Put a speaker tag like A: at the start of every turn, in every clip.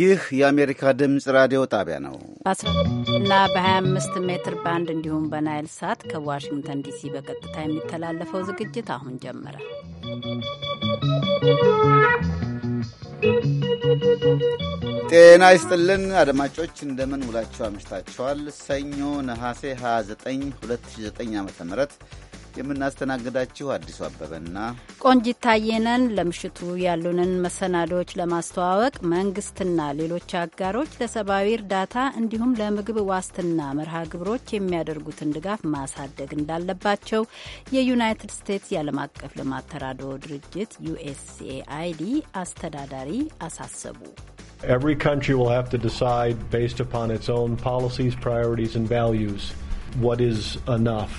A: ይህ የአሜሪካ ድምፅ ራዲዮ ጣቢያ ነው
B: እና በ25 ሜትር ባንድ እንዲሁም በናይል ሳት ከዋሽንግተን ዲሲ በቀጥታ የሚተላለፈው ዝግጅት አሁን ጀመረ።
C: ጤና ይስጥልን
A: አድማጮች፣ እንደምን ውላችሁ አምሽታችኋል። ሰኞ ነሐሴ 29 2009 ዓ ም የምናስተናግዳችሁ አዲሱ አበበና
B: ቆንጂት ታየነን። ለምሽቱ ያሉንን መሰናዶዎች ለማስተዋወቅ መንግስትና ሌሎች አጋሮች ለሰብአዊ እርዳታ እንዲሁም ለምግብ ዋስትና መርሃ ግብሮች የሚያደርጉትን ድጋፍ ማሳደግ እንዳለባቸው የዩናይትድ ስቴትስ የዓለም አቀፍ ልማት ተራድኦ ድርጅት ዩኤስኤአይዲ አስተዳዳሪ አሳሰቡ።
C: Every
D: country will have to decide based upon its own policies, priorities, and values
E: what is enough.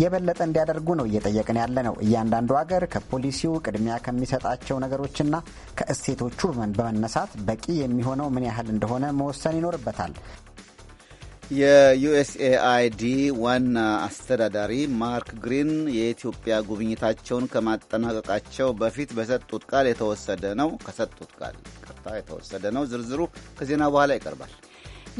D: የበለጠ እንዲያደርጉ ነው እየጠየቅን ያለ ነው። እያንዳንዱ ሀገር ከፖሊሲው ቅድሚያ ከሚሰጣቸው ነገሮችና ከእሴቶቹ በመነሳት በቂ የሚሆነው ምን ያህል እንደሆነ መወሰን ይኖርበታል።
A: የዩኤስኤአይዲ ዋና አስተዳዳሪ ማርክ ግሪን የኢትዮጵያ ጉብኝታቸውን ከማጠናቀቃቸው በፊት በሰጡት ቃል የተወሰደ ነው ከሰጡት ቃል ቀጥታ የተወሰደ ነው። ዝርዝሩ ከዜና በኋላ ይቀርባል።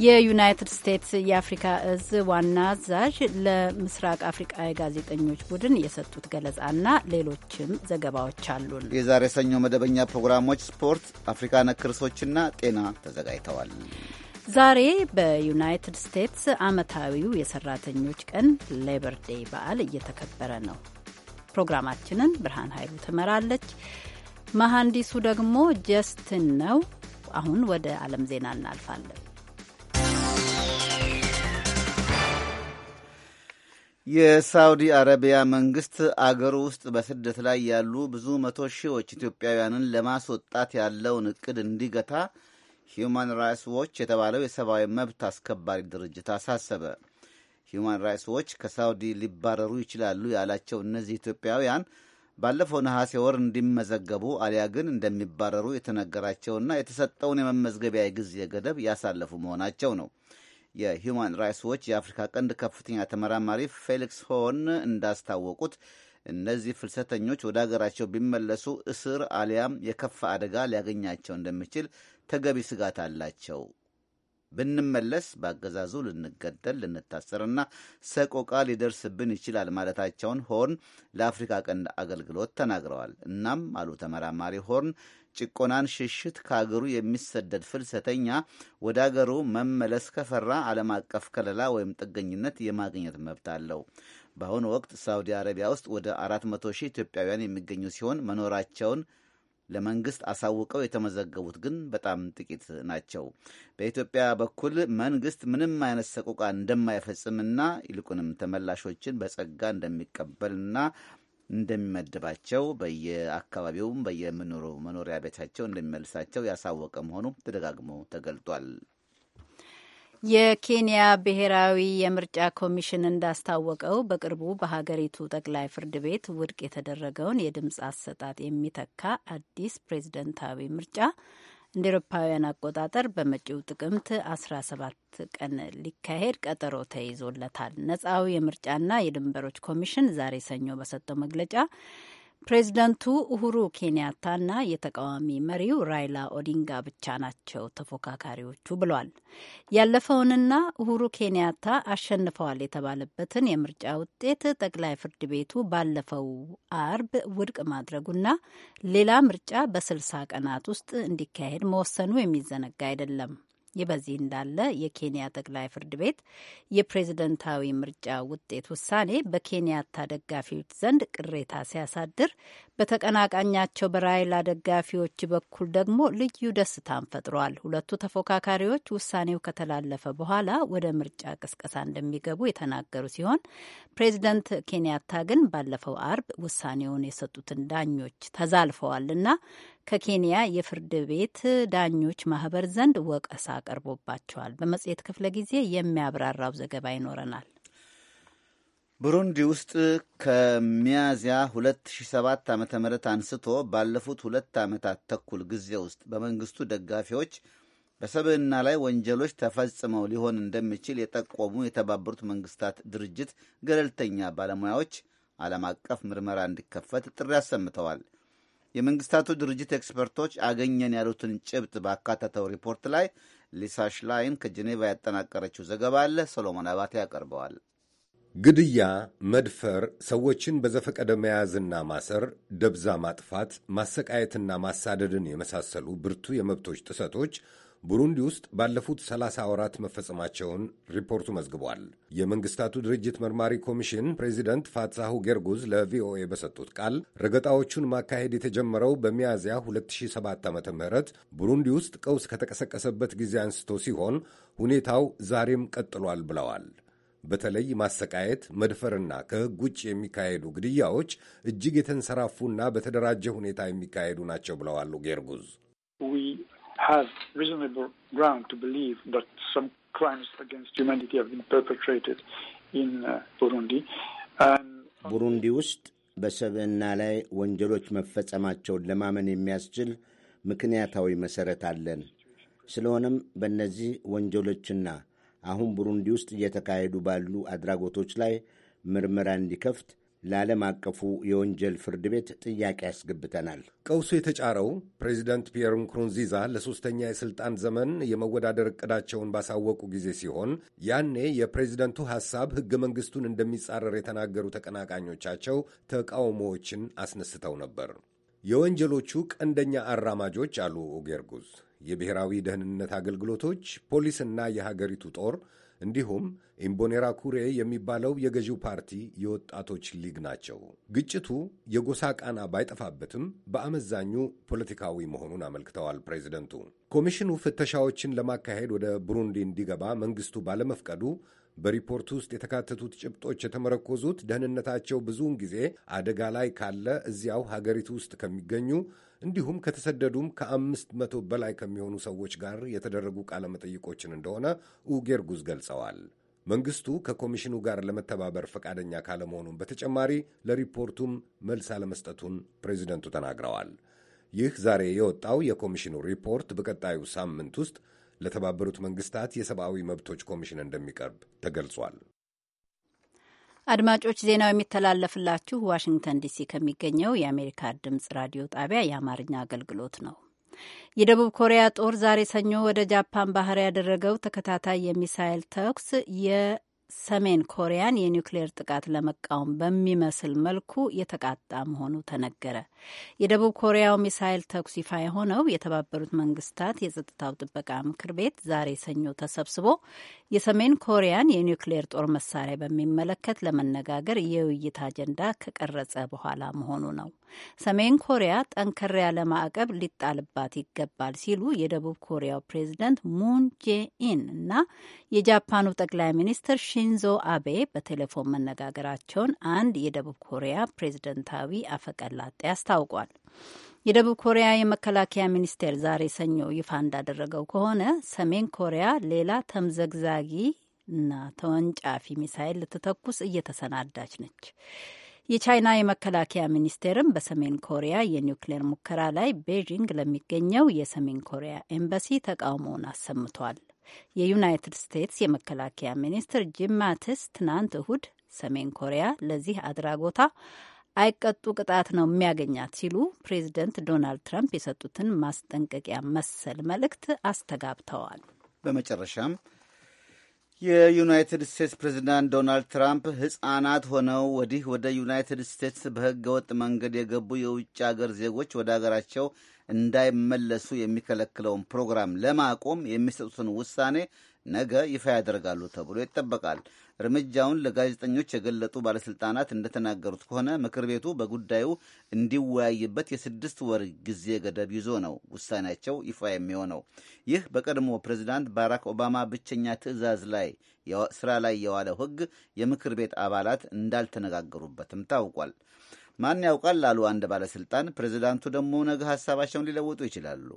B: የዩናይትድ ስቴትስ የአፍሪካ እዝ ዋና አዛዥ ለምስራቅ አፍሪቃ የጋዜጠኞች ቡድን የሰጡት ገለጻና ሌሎችም ዘገባዎች አሉን።
A: የዛሬ ሰኞ መደበኛ ፕሮግራሞች ስፖርት፣ አፍሪካ ነክ ርዕሶችና ጤና ተዘጋጅተዋል።
B: ዛሬ በዩናይትድ ስቴትስ ዓመታዊው የሰራተኞች ቀን ሌበር ዴይ በዓል እየተከበረ ነው። ፕሮግራማችንን ብርሃን ኃይሉ ትመራለች። መሐንዲሱ ደግሞ ጀስትን ነው። አሁን ወደ ዓለም ዜና እናልፋለን።
A: የሳውዲ አረቢያ መንግስት አገር ውስጥ በስደት ላይ ያሉ ብዙ መቶ ሺዎች ኢትዮጵያውያንን ለማስወጣት ያለውን እቅድ እንዲገታ ሂዩማን ራይትስ ዎች የተባለው የሰብአዊ መብት አስከባሪ ድርጅት አሳሰበ። ሂዩማን ራይትስ ዎች ከሳውዲ ሊባረሩ ይችላሉ ያላቸው እነዚህ ኢትዮጵያውያን ባለፈው ነሐሴ ወር እንዲመዘገቡ አሊያ ግን እንደሚባረሩ የተነገራቸውና የተሰጠውን የመመዝገቢያ ጊዜ ገደብ ያሳለፉ መሆናቸው ነው። የሂዩማን ራይትስ ዎች የአፍሪካ ቀንድ ከፍተኛ ተመራማሪ ፌሊክስ ሆን እንዳስታወቁት እነዚህ ፍልሰተኞች ወደ አገራቸው ቢመለሱ እስር አሊያም የከፋ አደጋ ሊያገኛቸው እንደሚችል ተገቢ ስጋት አላቸው። ብንመለስ በአገዛዙ ልንገደል፣ ልንታሰርና ሰቆቃ ሊደርስብን ይችላል ማለታቸውን ሆርን ለአፍሪካ ቀንድ አገልግሎት ተናግረዋል። እናም አሉ ተመራማሪ ሆርን ጭቆናን ሽሽት ከአገሩ የሚሰደድ ፍልሰተኛ ወደ አገሩ መመለስ ከፈራ ዓለም አቀፍ ከለላ ወይም ጥገኝነት የማግኘት መብት አለው። በአሁኑ ወቅት ሳውዲ አረቢያ ውስጥ ወደ አራት ሺህ ኢትዮጵያውያን የሚገኙ ሲሆን መኖራቸውን ለመንግስት አሳውቀው የተመዘገቡት ግን በጣም ጥቂት ናቸው። በኢትዮጵያ በኩል መንግስት ምንም አይነት ሰቆቃ እንደማይፈጽምና ይልቁንም ተመላሾችን በጸጋ እንደሚቀበልና እንደሚመድባቸው በየአካባቢውም በየምኖሩ መኖሪያ ቤታቸው እንደሚመልሳቸው ያሳወቀ መሆኑ ተደጋግሞ ተገልጧል።
B: የኬንያ ብሔራዊ የምርጫ ኮሚሽን እንዳስታወቀው በቅርቡ በሀገሪቱ ጠቅላይ ፍርድ ቤት ውድቅ የተደረገውን የድምፅ አሰጣጥ የሚተካ አዲስ ፕሬዝደንታዊ ምርጫ እንደ ኤሮፓውያን አቆጣጠር በመጪው ጥቅምት 17 ቀን ሊካሄድ ቀጠሮ ተይዞለታል። ነጻው የምርጫና የድንበሮች ኮሚሽን ዛሬ ሰኞ በሰጠው መግለጫ ፕሬዚደንቱ ኡሁሩ ኬንያታና የተቃዋሚ መሪው ራይላ ኦዲንጋ ብቻ ናቸው ተፎካካሪዎቹ ብሏል። ያለፈውንና ኡሁሩ ኬንያታ አሸንፈዋል የተባለበትን የምርጫ ውጤት ጠቅላይ ፍርድ ቤቱ ባለፈው አርብ ውድቅ ማድረጉና ሌላ ምርጫ በስልሳ ቀናት ውስጥ እንዲካሄድ መወሰኑ የሚዘነጋ አይደለም። ይህ በዚህ እንዳለ የኬንያ ጠቅላይ ፍርድ ቤት የፕሬዝደንታዊ ምርጫ ውጤት ውሳኔ በኬንያታ ደጋፊዎች ዘንድ ቅሬታ ሲያሳድር፣ በተቀናቃኛቸው በራይላ ደጋፊዎች በኩል ደግሞ ልዩ ደስታን ፈጥሯል። ሁለቱ ተፎካካሪዎች ውሳኔው ከተላለፈ በኋላ ወደ ምርጫ ቅስቀሳ እንደሚገቡ የተናገሩ ሲሆን ፕሬዝደንት ኬንያታ ግን ባለፈው አርብ ውሳኔውን የሰጡትን ዳኞች ተዛልፈዋልና ከኬንያ የፍርድ ቤት ዳኞች ማህበር ዘንድ ወቀሳ ቀርቦባቸዋል። በመጽሔት ክፍለ ጊዜ የሚያብራራው ዘገባ ይኖረናል።
A: ቡሩንዲ ውስጥ ከሚያዝያ 2007 ዓ ም አንስቶ ባለፉት ሁለት ዓመታት ተኩል ጊዜ ውስጥ በመንግስቱ ደጋፊዎች በሰብዕና ላይ ወንጀሎች ተፈጽመው ሊሆን እንደሚችል የጠቆሙ የተባበሩት መንግስታት ድርጅት ገለልተኛ ባለሙያዎች ዓለም አቀፍ ምርመራ እንዲከፈት ጥሪ አሰምተዋል። የመንግስታቱ ድርጅት ኤክስፐርቶች አገኘን ያሉትን ጭብጥ ባካተተው ሪፖርት ላይ ሊሳ ሽላይን ከጄኔቫ ያጠናቀረችው ዘገባ አለ። ሰሎሞን አባቴ ያቀርበዋል።
F: ግድያ፣ መድፈር፣ ሰዎችን በዘፈቀደ መያዝና ማሰር፣ ደብዛ ማጥፋት፣ ማሰቃየትና ማሳደድን የመሳሰሉ ብርቱ የመብቶች ጥሰቶች ቡሩንዲ ውስጥ ባለፉት 30 ወራት መፈጸማቸውን ሪፖርቱ መዝግቧል። የመንግስታቱ ድርጅት መርማሪ ኮሚሽን ፕሬዚደንት ፋትሳሁ ጌርጉዝ ለቪኦኤ በሰጡት ቃል ረገጣዎቹን ማካሄድ የተጀመረው በሚያዝያ 2007 ዓ ም ቡሩንዲ ውስጥ ቀውስ ከተቀሰቀሰበት ጊዜ አንስቶ ሲሆን ሁኔታው ዛሬም ቀጥሏል ብለዋል። በተለይ ማሰቃየት፣ መድፈርና ከሕግ ውጭ የሚካሄዱ ግድያዎች እጅግ የተንሰራፉና በተደራጀ ሁኔታ የሚካሄዱ ናቸው ብለዋሉ ጌርጉዝ
G: have reasonable ground to believe that some crimes against humanity have been perpetrated in uh, Burundi.
H: ቡሩንዲ ውስጥ በሰብዕና ላይ ወንጀሎች መፈጸማቸውን ለማመን የሚያስችል ምክንያታዊ መሠረት አለን። ስለሆነም በእነዚህ ወንጀሎችና አሁን ቡሩንዲ ውስጥ እየተካሄዱ ባሉ አድራጎቶች ላይ ምርመራ እንዲከፍት ለዓለም አቀፉ የወንጀል ፍርድ ቤት ጥያቄ
F: ያስገብተናል። ቀውሱ የተጫረው ፕሬዚደንት ፒየር ንኩሩንዚዛ ለሶስተኛ የሥልጣን ዘመን የመወዳደር እቅዳቸውን ባሳወቁ ጊዜ ሲሆን ያኔ የፕሬዚደንቱ ሐሳብ ሕገ መንግሥቱን እንደሚጻረር የተናገሩ ተቀናቃኞቻቸው ተቃውሞዎችን አስነስተው ነበር። የወንጀሎቹ ቀንደኛ አራማጆች አሉ ኦጌርጉዝ የብሔራዊ ደህንነት አገልግሎቶች፣ ፖሊስና የሀገሪቱ ጦር እንዲሁም ኢምቦኔራ ኩሬ የሚባለው የገዢው ፓርቲ የወጣቶች ሊግ ናቸው። ግጭቱ የጎሳ ቃና ባይጠፋበትም በአመዛኙ ፖለቲካዊ መሆኑን አመልክተዋል ፕሬዚደንቱ። ኮሚሽኑ ፍተሻዎችን ለማካሄድ ወደ ብሩንዲ እንዲገባ መንግስቱ ባለመፍቀዱ በሪፖርቱ ውስጥ የተካተቱት ጭብጦች የተመረኮዙት ደህንነታቸው ብዙውን ጊዜ አደጋ ላይ ካለ እዚያው ሀገሪቱ ውስጥ ከሚገኙ እንዲሁም ከተሰደዱም ከአምስት መቶ በላይ ከሚሆኑ ሰዎች ጋር የተደረጉ ቃለመጠይቆችን እንደሆነ ኡጌርጉዝ ገልጸዋል። መንግስቱ ከኮሚሽኑ ጋር ለመተባበር ፈቃደኛ ካለመሆኑም በተጨማሪ ለሪፖርቱም መልስ አለመስጠቱን ፕሬዚደንቱ ተናግረዋል። ይህ ዛሬ የወጣው የኮሚሽኑ ሪፖርት በቀጣዩ ሳምንት ውስጥ ለተባበሩት መንግስታት የሰብአዊ መብቶች ኮሚሽን እንደሚቀርብ ተገልጿል።
B: አድማጮች ዜናው የሚተላለፍላችሁ ዋሽንግተን ዲሲ ከሚገኘው የአሜሪካ ድምጽ ራዲዮ ጣቢያ የአማርኛ አገልግሎት ነው። የደቡብ ኮሪያ ጦር ዛሬ ሰኞ ወደ ጃፓን ባህር ያደረገው ተከታታይ የሚሳይል ተኩስ ሰሜን ኮሪያን የኒውክሌር ጥቃት ለመቃወም በሚመስል መልኩ የተቃጣ መሆኑ ተነገረ። የደቡብ ኮሪያው ሚሳይል ተኩስ ይፋ የሆነው የተባበሩት መንግስታት የጸጥታው ጥበቃ ምክር ቤት ዛሬ ሰኞ ተሰብስቦ የሰሜን ኮሪያን የኒውክሌር ጦር መሳሪያ በሚመለከት ለመነጋገር የውይይት አጀንዳ ከቀረጸ በኋላ መሆኑ ነው። ሰሜን ኮሪያ ጠንከር ያለ ማዕቀብ ሊጣልባት ይገባል ሲሉ የደቡብ ኮሪያው ፕሬዚደንት ሙን ጄኢን እና የጃፓኑ ጠቅላይ ሚኒስትር ሺንዞ አቤ በቴሌፎን መነጋገራቸውን አንድ የደቡብ ኮሪያ ፕሬዝደንታዊ አፈቀላጤ አስታውቋል። የደቡብ ኮሪያ የመከላከያ ሚኒስቴር ዛሬ ሰኞ ይፋ እንዳደረገው ከሆነ ሰሜን ኮሪያ ሌላ ተምዘግዛጊ እና ተወንጫፊ ሚሳይል ልትተኩስ እየተሰናዳች ነች። የቻይና የመከላከያ ሚኒስቴርም በሰሜን ኮሪያ የኒውክሌር ሙከራ ላይ ቤጂንግ ለሚገኘው የሰሜን ኮሪያ ኤምባሲ ተቃውሞውን አሰምቷል። የዩናይትድ ስቴትስ የመከላከያ ሚኒስትር ጂም ማቲስ ትናንት እሁድ ሰሜን ኮሪያ ለዚህ አድራጎታ አይቀጡ ቅጣት ነው የሚያገኛት ሲሉ ፕሬዚደንት ዶናልድ ትራምፕ የሰጡትን ማስጠንቀቂያ መሰል መልእክት አስተጋብተዋል። በመጨረሻም
A: የዩናይትድ ስቴትስ ፕሬዝዳንት ዶናልድ ትራምፕ ሕፃናት ሆነው ወዲህ ወደ ዩናይትድ ስቴትስ በሕገ ወጥ መንገድ የገቡ የውጭ አገር ዜጎች ወደ አገራቸው እንዳይመለሱ የሚከለክለውን ፕሮግራም ለማቆም የሚሰጡትን ውሳኔ ነገ ይፋ ያደርጋሉ ተብሎ ይጠበቃል። እርምጃውን ለጋዜጠኞች የገለጡ ባለስልጣናት እንደተናገሩት ከሆነ ምክር ቤቱ በጉዳዩ እንዲወያይበት የስድስት ወር ጊዜ ገደብ ይዞ ነው ውሳኔያቸው ይፋ የሚሆነው። ይህ በቀድሞ ፕሬዚዳንት ባራክ ኦባማ ብቸኛ ትዕዛዝ ላይ ስራ ላይ የዋለው ሕግ የምክር ቤት አባላት እንዳልተነጋገሩበትም ታውቋል። ማን ያውቃል ላሉ አንድ ባለስልጣን ፕሬዚዳንቱ ደግሞ ነገ ሀሳባቸውን ሊለውጡ ይችላሉ።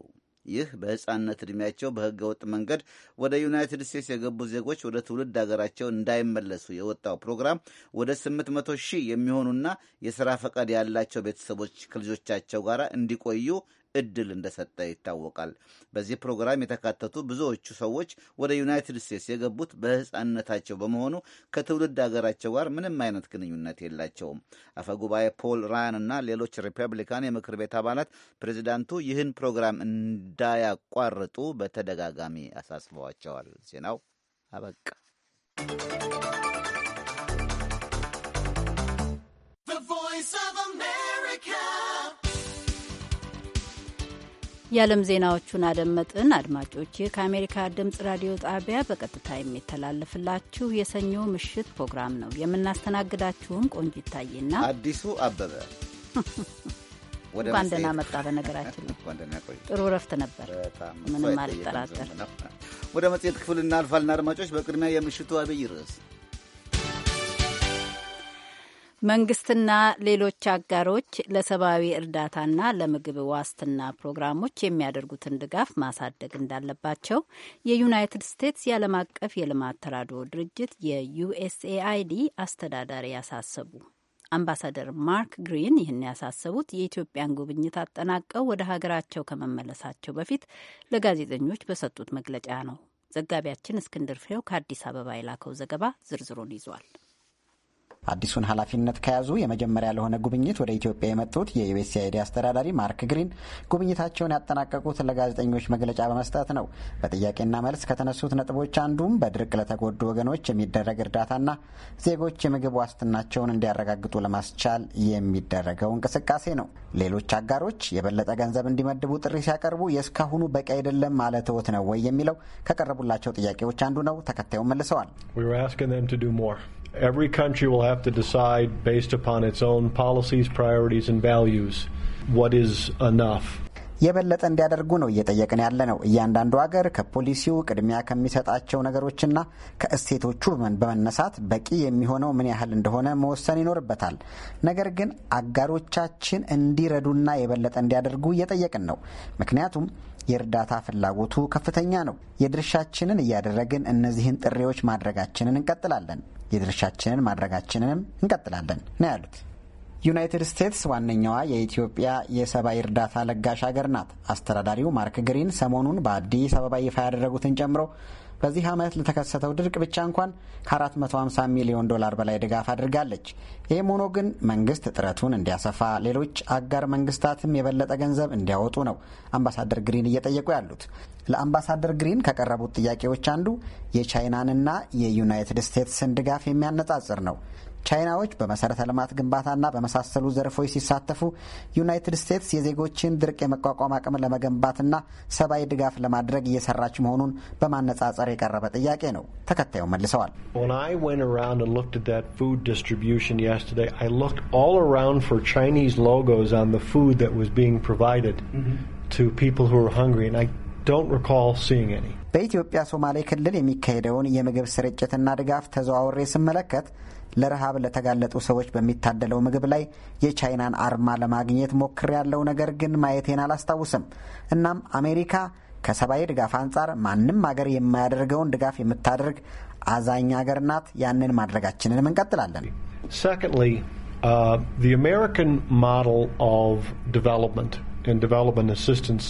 A: ይህ በሕፃንነት ዕድሜያቸው በሕገ ወጥ መንገድ ወደ ዩናይትድ ስቴትስ የገቡ ዜጎች ወደ ትውልድ አገራቸው እንዳይመለሱ የወጣው ፕሮግራም ወደ 800 ሺህ የሚሆኑና የሥራ ፈቃድ ያላቸው ቤተሰቦች ከልጆቻቸው ጋር እንዲቆዩ እድል እንደሰጠ ይታወቃል። በዚህ ፕሮግራም የተካተቱ ብዙዎቹ ሰዎች ወደ ዩናይትድ ስቴትስ የገቡት በሕፃንነታቸው በመሆኑ ከትውልድ ሀገራቸው ጋር ምንም አይነት ግንኙነት የላቸውም። አፈጉባኤ ፖል ራያን እና ሌሎች ሪፐብሊካን የምክር ቤት አባላት ፕሬዚዳንቱ ይህን ፕሮግራም እንዳያቋርጡ በተደጋጋሚ አሳስበዋቸዋል። ዜናው አበቃ።
B: የዓለም ዜናዎቹን አደመጥን። አድማጮች፣ ይህ ከአሜሪካ ድምፅ ራዲዮ ጣቢያ በቀጥታ የሚተላለፍላችሁ የሰኞ ምሽት ፕሮግራም ነው። የምናስተናግዳችሁም ቆንጅ ይታይና
A: አዲሱ አበበ። እንኳን ደህና መጣ።
B: በነገራችን ነው ጥሩ እረፍት ነበር፣ ምንም አልጠራጠር።
A: ወደ መጽሔት ክፍል እናልፋልና አድማጮች፣ በቅድሚያ የምሽቱ አብይ ርዕስ
B: መንግስትና ሌሎች አጋሮች ለሰብአዊ እርዳታና ለምግብ ዋስትና ፕሮግራሞች የሚያደርጉትን ድጋፍ ማሳደግ እንዳለባቸው የዩናይትድ ስቴትስ የዓለም አቀፍ የልማት ተራድኦ ድርጅት የዩኤስኤአይዲ አስተዳዳሪ ያሳሰቡ። አምባሳደር ማርክ ግሪን ይህን ያሳሰቡት የኢትዮጵያን ጉብኝት አጠናቀው ወደ ሀገራቸው ከመመለሳቸው በፊት ለጋዜጠኞች በሰጡት መግለጫ ነው። ዘጋቢያችን እስክንድር ፍሬው ከአዲስ አበባ የላከው ዘገባ ዝርዝሩን ይዟል።
D: አዲሱን ኃላፊነት ከያዙ የመጀመሪያ ለሆነ ጉብኝት ወደ ኢትዮጵያ የመጡት የዩኤስአይዲ አስተዳዳሪ ማርክ ግሪን ጉብኝታቸውን ያጠናቀቁት ለጋዜጠኞች መግለጫ በመስጠት ነው። በጥያቄና መልስ ከተነሱት ነጥቦች አንዱም በድርቅ ለተጎዱ ወገኖች የሚደረግ እርዳታና ዜጎች የምግብ ዋስትናቸውን እንዲያረጋግጡ ለማስቻል የሚደረገው እንቅስቃሴ ነው። ሌሎች አጋሮች የበለጠ ገንዘብ እንዲመድቡ ጥሪ ሲያቀርቡ የእስካሁኑ በቂ አይደለም ማለትዎት ነው ወይ የሚለው ከቀረቡላቸው ጥያቄዎች አንዱ ነው። ተከታዩን መልሰዋል። Every country will have to decide, based upon its own policies, priorities, and values,
E: what is enough.
D: የበለጠ እንዲያደርጉ ነው እየጠየቅን ያለ ነው። እያንዳንዱ ሀገር ከፖሊሲው ቅድሚያ ከሚሰጣቸው ነገሮችና ከእሴቶቹ በመነሳት በቂ የሚሆነው ምን ያህል እንደሆነ መወሰን ይኖርበታል። ነገር ግን አጋሮቻችን እንዲረዱና የበለጠ እንዲያደርጉ እየጠየቅን ነው። ምክንያቱም የእርዳታ ፍላጎቱ ከፍተኛ ነው። የድርሻችንን እያደረግን እነዚህን ጥሪዎች ማድረጋችንን እንቀጥላለን። የድርሻችንን ማድረጋችንንም እንቀጥላለን ነው ያሉት። ዩናይትድ ስቴትስ ዋነኛዋ የኢትዮጵያ የሰብአዊ እርዳታ ለጋሽ ሀገር ናት። አስተዳዳሪው ማርክ ግሪን ሰሞኑን በአዲስ አበባ ይፋ ያደረጉትን ጨምሮ በዚህ ዓመት ለተከሰተው ድርቅ ብቻ እንኳን ከ450 ሚሊዮን ዶላር በላይ ድጋፍ አድርጋለች። ይህም ሆኖ ግን መንግስት ጥረቱን እንዲያሰፋ፣ ሌሎች አጋር መንግስታትም የበለጠ ገንዘብ እንዲያወጡ ነው አምባሳደር ግሪን እየጠየቁ ያሉት። ለአምባሳደር ግሪን ከቀረቡት ጥያቄዎች አንዱ የቻይናንና የዩናይትድ ስቴትስን ድጋፍ የሚያነጻጽር ነው። ቻይናዎች በመሰረተ ልማት ግንባታና በመሳሰሉ ዘርፎች ሲሳተፉ፣ ዩናይትድ ስቴትስ የዜጎችን ድርቅ የመቋቋም አቅም ለመገንባትና ሰብአዊ ድጋፍ ለማድረግ እየሰራች መሆኑን በማነጻጸር የቀረበ ጥያቄ ነው። ተከታዩ መልሰዋል።
C: don't recall seeing any.
D: በኢትዮጵያ ሶማሌ ክልል የሚካሄደውን የምግብ ስርጭትና ድጋፍ ተዘዋውሬ ስመለከት ለረሃብ ለተጋለጡ ሰዎች በሚታደለው ምግብ ላይ የቻይናን አርማ ለማግኘት ሞክር ያለው ነገር ግን ማየቴን አላስታውስም። እናም አሜሪካ ከሰብአዊ ድጋፍ አንጻር ማንም አገር የማያደርገውን ድጋፍ የምታደርግ አዛኝ አገር ናት። ያንን ማድረጋችንንም እንቀጥላለን።
C: Secondly, uh, the American model of
D: development and development assistance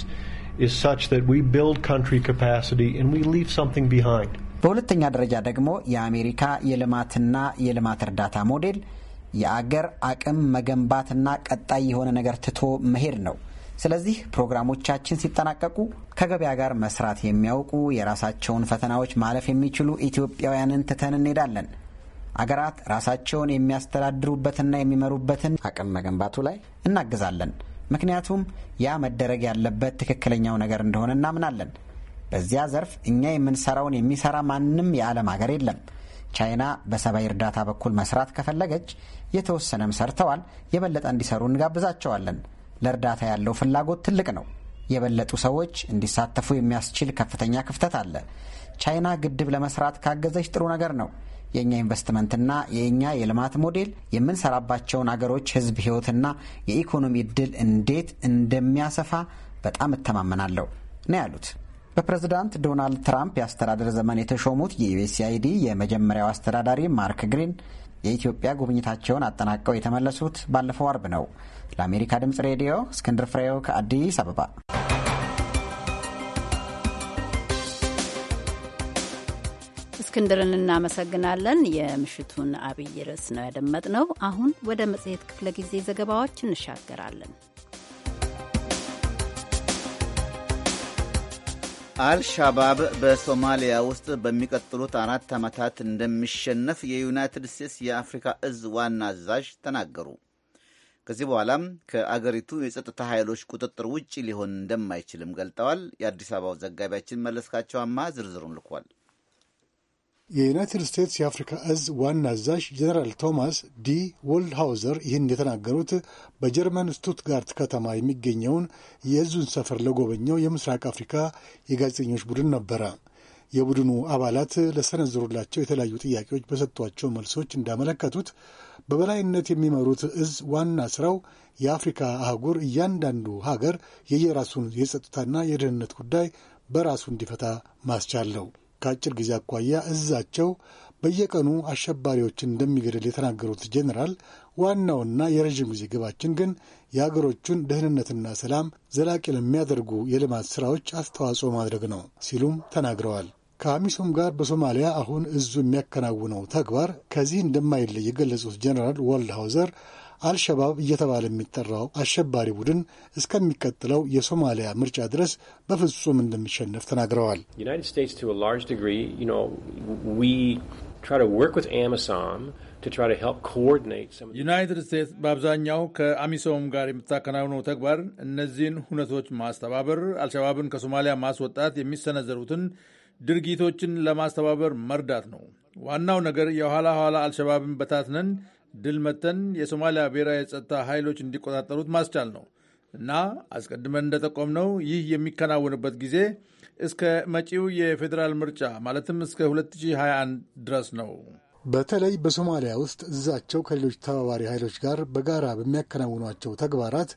D: is such that we build country capacity and we leave something behind. በሁለተኛ ደረጃ ደግሞ የአሜሪካ የልማትና የልማት እርዳታ ሞዴል የአገር አቅም መገንባትና ቀጣይ የሆነ ነገር ትቶ መሄድ ነው። ስለዚህ ፕሮግራሞቻችን ሲጠናቀቁ ከገበያ ጋር መስራት የሚያውቁ የራሳቸውን ፈተናዎች ማለፍ የሚችሉ ኢትዮጵያውያንን ትተን እንሄዳለን። አገራት ራሳቸውን የሚያስተዳድሩበትና የሚመሩበትን አቅም መገንባቱ ላይ እናግዛለን። ምክንያቱም ያ መደረግ ያለበት ትክክለኛው ነገር እንደሆነ እናምናለን። በዚያ ዘርፍ እኛ የምንሰራውን የሚሰራ ማንም የዓለም ሀገር የለም። ቻይና በሰብአዊ እርዳታ በኩል መስራት ከፈለገች የተወሰነም ሰርተዋል። የበለጠ እንዲሰሩ እንጋብዛቸዋለን። ለእርዳታ ያለው ፍላጎት ትልቅ ነው። የበለጡ ሰዎች እንዲሳተፉ የሚያስችል ከፍተኛ ክፍተት አለ። ቻይና ግድብ ለመስራት ካገዘች ጥሩ ነገር ነው። የእኛ ኢንቨስትመንትና የእኛ የልማት ሞዴል የምንሰራባቸውን አገሮች ህዝብ ህይወትና የኢኮኖሚ እድል እንዴት እንደሚያሰፋ በጣም እተማመናለሁ ነው ያሉት። በፕሬዝዳንት ዶናልድ ትራምፕ የአስተዳደር ዘመን የተሾሙት የዩኤስአይዲ የመጀመሪያው አስተዳዳሪ ማርክ ግሪን የኢትዮጵያ ጉብኝታቸውን አጠናቀው የተመለሱት ባለፈው አርብ ነው። ለአሜሪካ ድምፅ ሬዲዮ እስክንድር ፍሬው ከአዲስ አበባ
B: እስክንድርን እናመሰግናለን። የምሽቱን አብይ ርዕስ ነው ያደመጥነው። አሁን ወደ መጽሔት ክፍለ ጊዜ ዘገባዎች እንሻገራለን።
A: አልሻባብ በሶማሊያ ውስጥ በሚቀጥሉት አራት ዓመታት እንደሚሸነፍ የዩናይትድ ስቴትስ የአፍሪካ እዝ ዋና አዛዥ ተናገሩ። ከዚህ በኋላም ከአገሪቱ የጸጥታ ኃይሎች ቁጥጥር ውጭ ሊሆን እንደማይችልም ገልጠዋል። የአዲስ አበባው ዘጋቢያችን መለስካቸዋማ ዝርዝሩን ልኳል።
I: የዩናይትድ ስቴትስ የአፍሪካ እዝ ዋና አዛዥ ጀኔራል ቶማስ ዲ ወልድሃውዘር ይህን የተናገሩት በጀርመን ስቱትጋርት ከተማ የሚገኘውን የእዙን ሰፈር ለጎበኘው የምስራቅ አፍሪካ የጋዜጠኞች ቡድን ነበረ። የቡድኑ አባላት ለሰነዘሩላቸው የተለያዩ ጥያቄዎች በሰጧቸው መልሶች እንዳመለከቱት በበላይነት የሚመሩት እዝ ዋና ስራው የአፍሪካ አህጉር እያንዳንዱ ሀገር የየራሱን የጸጥታና የደህንነት ጉዳይ በራሱ እንዲፈታ ማስቻል ነው። ከአጭር ጊዜ አኳያ እዛቸው በየቀኑ አሸባሪዎችን እንደሚገድል የተናገሩት ጄኔራል ዋናውና የረዥም ጊዜ ግባችን ግን የአገሮቹን ደህንነትና ሰላም ዘላቂ ለሚያደርጉ የልማት ስራዎች አስተዋጽኦ ማድረግ ነው ሲሉም ተናግረዋል። ከአሚሶም ጋር በሶማሊያ አሁን እዙ የሚያከናውነው ተግባር ከዚህ እንደማይለይ የገለጹት ጄኔራል ወልድ ሃውዘር አልሸባብ እየተባለ የሚጠራው አሸባሪ ቡድን እስከሚቀጥለው የሶማሊያ ምርጫ ድረስ በፍጹም እንደሚሸነፍ ተናግረዋል።
J: ዩናይትድ ስቴትስ በአብዛኛው ከአሚሶም ጋር የምታከናውነው ተግባር እነዚህን ሁነቶች ማስተባበር፣ አልሸባብን ከሶማሊያ ማስወጣት የሚሰነዘሩትን ድርጊቶችን ለማስተባበር መርዳት ነው። ዋናው ነገር የኋላ ኋላ አልሸባብን በታትነን ድል መተን የሶማሊያ ብሔራዊ የጸጥታ ኃይሎች እንዲቆጣጠሩት ማስቻል ነው እና አስቀድመን እንደጠቆምነው ይህ የሚከናወንበት ጊዜ እስከ መጪው የፌዴራል ምርጫ ማለትም እስከ 2021 ድረስ ነው።
I: በተለይ በሶማሊያ ውስጥ እዛቸው ከሌሎች ተባባሪ ኃይሎች ጋር በጋራ በሚያከናውኗቸው ተግባራት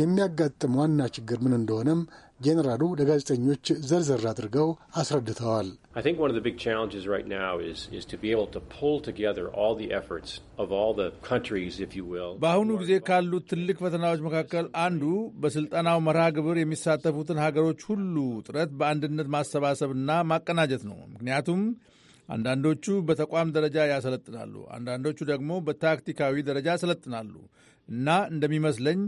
I: የሚያጋጥም ዋና ችግር ምን እንደሆነም ጄኔራሉ ለጋዜጠኞች ዘርዘር አድርገው አስረድተዋል።
E: በአሁኑ
J: ጊዜ ካሉት ትልቅ ፈተናዎች መካከል አንዱ በስልጠናው መርሃ ግብር የሚሳተፉትን ሀገሮች ሁሉ ጥረት በአንድነት ማሰባሰብና ማቀናጀት ነው። ምክንያቱም አንዳንዶቹ በተቋም ደረጃ ያሰለጥናሉ፣ አንዳንዶቹ ደግሞ በታክቲካዊ ደረጃ ያሰለጥናሉ እና እንደሚመስለኝ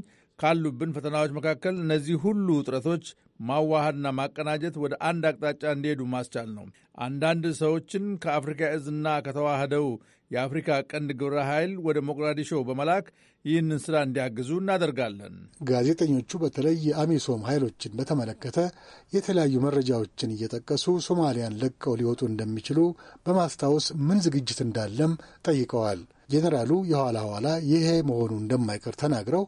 J: ካሉብን ፈተናዎች መካከል እነዚህ ሁሉ ውጥረቶች ማዋሃድና ማቀናጀት ወደ አንድ አቅጣጫ እንዲሄዱ ማስቻል ነው። አንዳንድ ሰዎችን ከአፍሪካ እዝና ከተዋህደው የአፍሪካ ቀንድ ግብረ ኃይል ወደ ሞቃዲሾ በመላክ ይህንን ስራ እንዲያግዙ እናደርጋለን።
I: ጋዜጠኞቹ በተለይ የአሚሶም ኃይሎችን በተመለከተ የተለያዩ መረጃዎችን እየጠቀሱ ሶማሊያን ለቀው ሊወጡ እንደሚችሉ በማስታወስ ምን ዝግጅት እንዳለም ጠይቀዋል። ጄኔራሉ የኋላ ኋላ ይሄ መሆኑ እንደማይቀር ተናግረው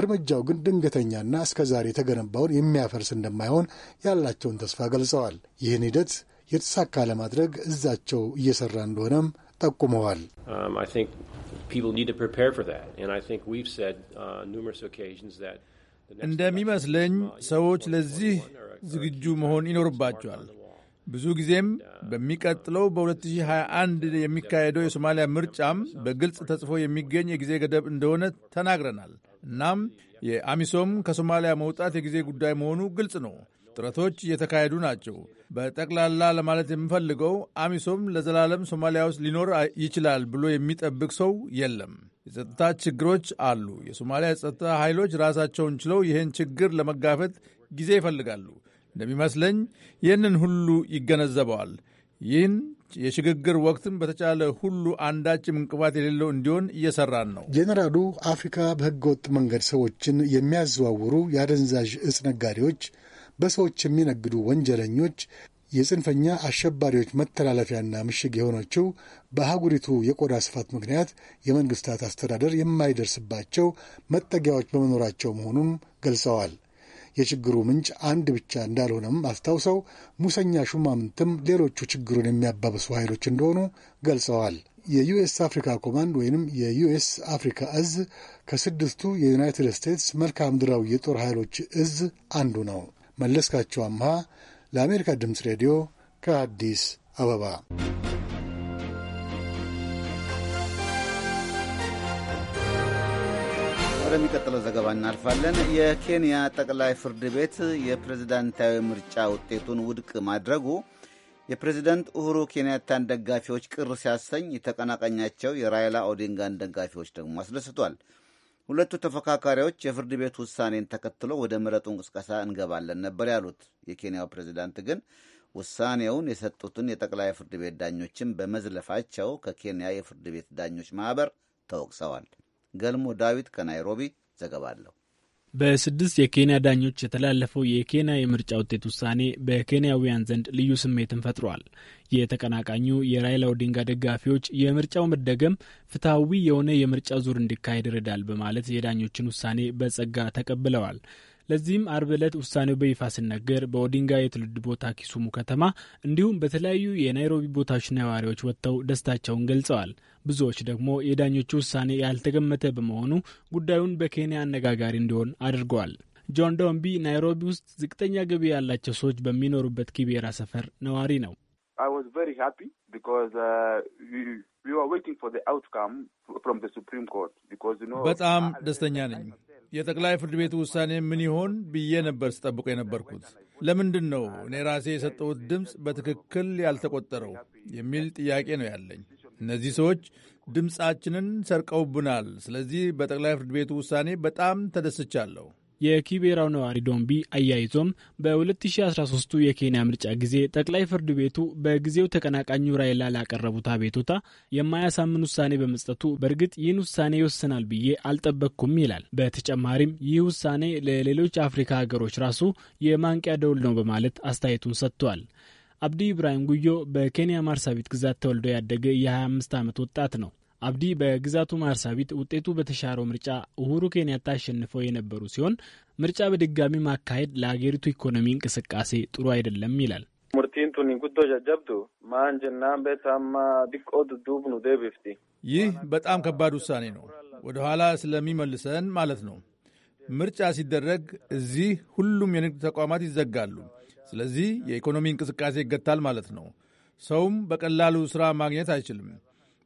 I: እርምጃው ግን ድንገተኛና ዛሬ የተገነባውን የሚያፈርስ እንደማይሆን ያላቸውን ተስፋ ገልጸዋል። ይህን ሂደት የተሳካ ለማድረግ እዛቸው እየሰራ እንደሆነም ጠቁመዋል።
K: um, people need to prepare for that. And I think we've said uh, numerous occasions that
J: እንደሚመስለኝ ሰዎች ለዚህ ዝግጁ መሆን ይኖርባቸዋል። ብዙ ጊዜም በሚቀጥለው በ2021 የሚካሄደው የሶማሊያ ምርጫም በግልጽ ተጽፎ የሚገኝ የጊዜ ገደብ እንደሆነ ተናግረናል። እናም የአሚሶም ከሶማሊያ መውጣት የጊዜ ጉዳይ መሆኑ ግልጽ ነው። ጥረቶች እየተካሄዱ ናቸው። በጠቅላላ ለማለት የምፈልገው አሚሶም ለዘላለም ሶማሊያ ውስጥ ሊኖር ይችላል ብሎ የሚጠብቅ ሰው የለም። የጸጥታ ችግሮች አሉ። የሶማሊያ የጸጥታ ኃይሎች ራሳቸውን ችለው ይህን ችግር ለመጋፈት ጊዜ ይፈልጋሉ። እንደሚመስለኝ ይህንን ሁሉ ይገነዘበዋል። ይህን የሽግግር ወቅትም በተቻለ ሁሉ አንዳችም እንቅፋት የሌለው እንዲሆን እየሰራን ነው።
I: ጄኔራሉ አፍሪካ በህገወጥ መንገድ ሰዎችን የሚያዘዋውሩ የአደንዛዥ እጽ ነጋዴዎች በሰዎች የሚነግዱ ወንጀለኞች የጽንፈኛ አሸባሪዎች መተላለፊያና ምሽግ የሆነችው በአህጉሪቱ የቆዳ ስፋት ምክንያት የመንግስታት አስተዳደር የማይደርስባቸው መጠጊያዎች በመኖራቸው መሆኑን ገልጸዋል። የችግሩ ምንጭ አንድ ብቻ እንዳልሆነም አስታውሰው ሙሰኛ ሹማምንትም ሌሎቹ ችግሩን የሚያባብሱ ኃይሎች እንደሆኑ ገልጸዋል። የዩኤስ አፍሪካ ኮማንድ ወይንም የዩኤስ አፍሪካ እዝ ከስድስቱ የዩናይትድ ስቴትስ መልክዓ ምድራዊ የጦር ኃይሎች እዝ አንዱ ነው። መለስካቸው አምሃ ለአሜሪካ ድምፅ ሬዲዮ ከአዲስ አበባ
A: ወደሚቀጥለው ዘገባ እናልፋለን። የኬንያ ጠቅላይ ፍርድ ቤት የፕሬዝዳንታዊ ምርጫ ውጤቱን ውድቅ ማድረጉ የፕሬዝደንት ኡሁሩ ኬንያታን ደጋፊዎች ቅር ሲያሰኝ፣ የተቀናቃኛቸው የራይላ ኦዲንጋን ደጋፊዎች ደግሞ አስደስቷል። ሁለቱ ተፎካካሪዎች የፍርድ ቤት ውሳኔን ተከትሎ ወደ ምረጡ እንቅስቃሴ እንገባለን ነበር ያሉት። የኬንያው ፕሬዚዳንት ግን ውሳኔውን የሰጡትን የጠቅላይ ፍርድ ቤት ዳኞችን በመዝለፋቸው ከኬንያ የፍርድ ቤት ዳኞች ማህበር ተወቅሰዋል። ገልሞ ዳዊት ከናይሮቢ ዘገባ
K: በስድስት የኬንያ ዳኞች የተላለፈው የኬንያ የምርጫ ውጤት ውሳኔ በኬንያውያን ዘንድ ልዩ ስሜትን ፈጥሯል። የተቀናቃኙ የራይላ ኦዲንጋ ደጋፊዎች የምርጫው መደገም ፍትሐዊ የሆነ የምርጫ ዙር እንዲካሄድ ይረዳል በማለት የዳኞችን ውሳኔ በጸጋ ተቀብለዋል። ለዚህም አርብ ዕለት ውሳኔው በይፋ ሲነገር በኦዲንጋ የትውልድ ቦታ ኪሱሙ ከተማ እንዲሁም በተለያዩ የናይሮቢ ቦታዎች ነዋሪዎች ወጥተው ደስታቸውን ገልጸዋል። ብዙዎች ደግሞ የዳኞቹ ውሳኔ ያልተገመተ በመሆኑ ጉዳዩን በኬንያ አነጋጋሪ እንዲሆን አድርገዋል። ጆን ዶምቢ ናይሮቢ ውስጥ ዝቅተኛ ገቢ ያላቸው ሰዎች በሚኖሩበት ኪቤራ ሰፈር ነዋሪ ነው።
J: uh, በጣም ደስተኛ ነኝ የጠቅላይ ፍርድ ቤቱ ውሳኔ ምን ይሆን ብዬ ነበር ስጠብቆ የነበርኩት። ለምንድን ነው እኔ ራሴ የሰጠሁት ድምፅ በትክክል ያልተቆጠረው የሚል ጥያቄ ነው ያለኝ። እነዚህ ሰዎች ድምፃችንን ሰርቀውብናል። ስለዚህ በጠቅላይ ፍርድ ቤቱ ውሳኔ በጣም ተደስቻለሁ። የኪቤራው
K: ነዋሪ ዶምቢ አያይዞም በ2013 የኬንያ ምርጫ ጊዜ ጠቅላይ ፍርድ ቤቱ በጊዜው ተቀናቃኙ ራይላ ላቀረቡት አቤቱታ የማያሳምን ውሳኔ በመስጠቱ በእርግጥ ይህን ውሳኔ ይወስናል ብዬ አልጠበቅኩም ይላል። በተጨማሪም ይህ ውሳኔ ለሌሎች አፍሪካ ሀገሮች ራሱ የማንቂያ ደውል ነው በማለት አስተያየቱን ሰጥቷል። አብዲ ኢብራሂም ጉዮ በኬንያ ማርሳቢት ግዛት ተወልዶ ያደገ የ25 ዓመት ወጣት ነው። አብዲ በግዛቱ ማርሳቢት ውጤቱ በተሻረው ምርጫ ኡሁሩ ኬንያታ አሸንፈው የነበሩ ሲሆን ምርጫ በድጋሚ ማካሄድ ለአገሪቱ ኢኮኖሚ እንቅስቃሴ ጥሩ አይደለም ይላል።
J: ይህ በጣም ከባድ ውሳኔ ነው፣ ወደ ኋላ ስለሚመልሰን ማለት ነው። ምርጫ ሲደረግ እዚህ ሁሉም የንግድ ተቋማት ይዘጋሉ። ስለዚህ የኢኮኖሚ እንቅስቃሴ ይገታል ማለት ነው። ሰውም በቀላሉ ሥራ ማግኘት አይችልም።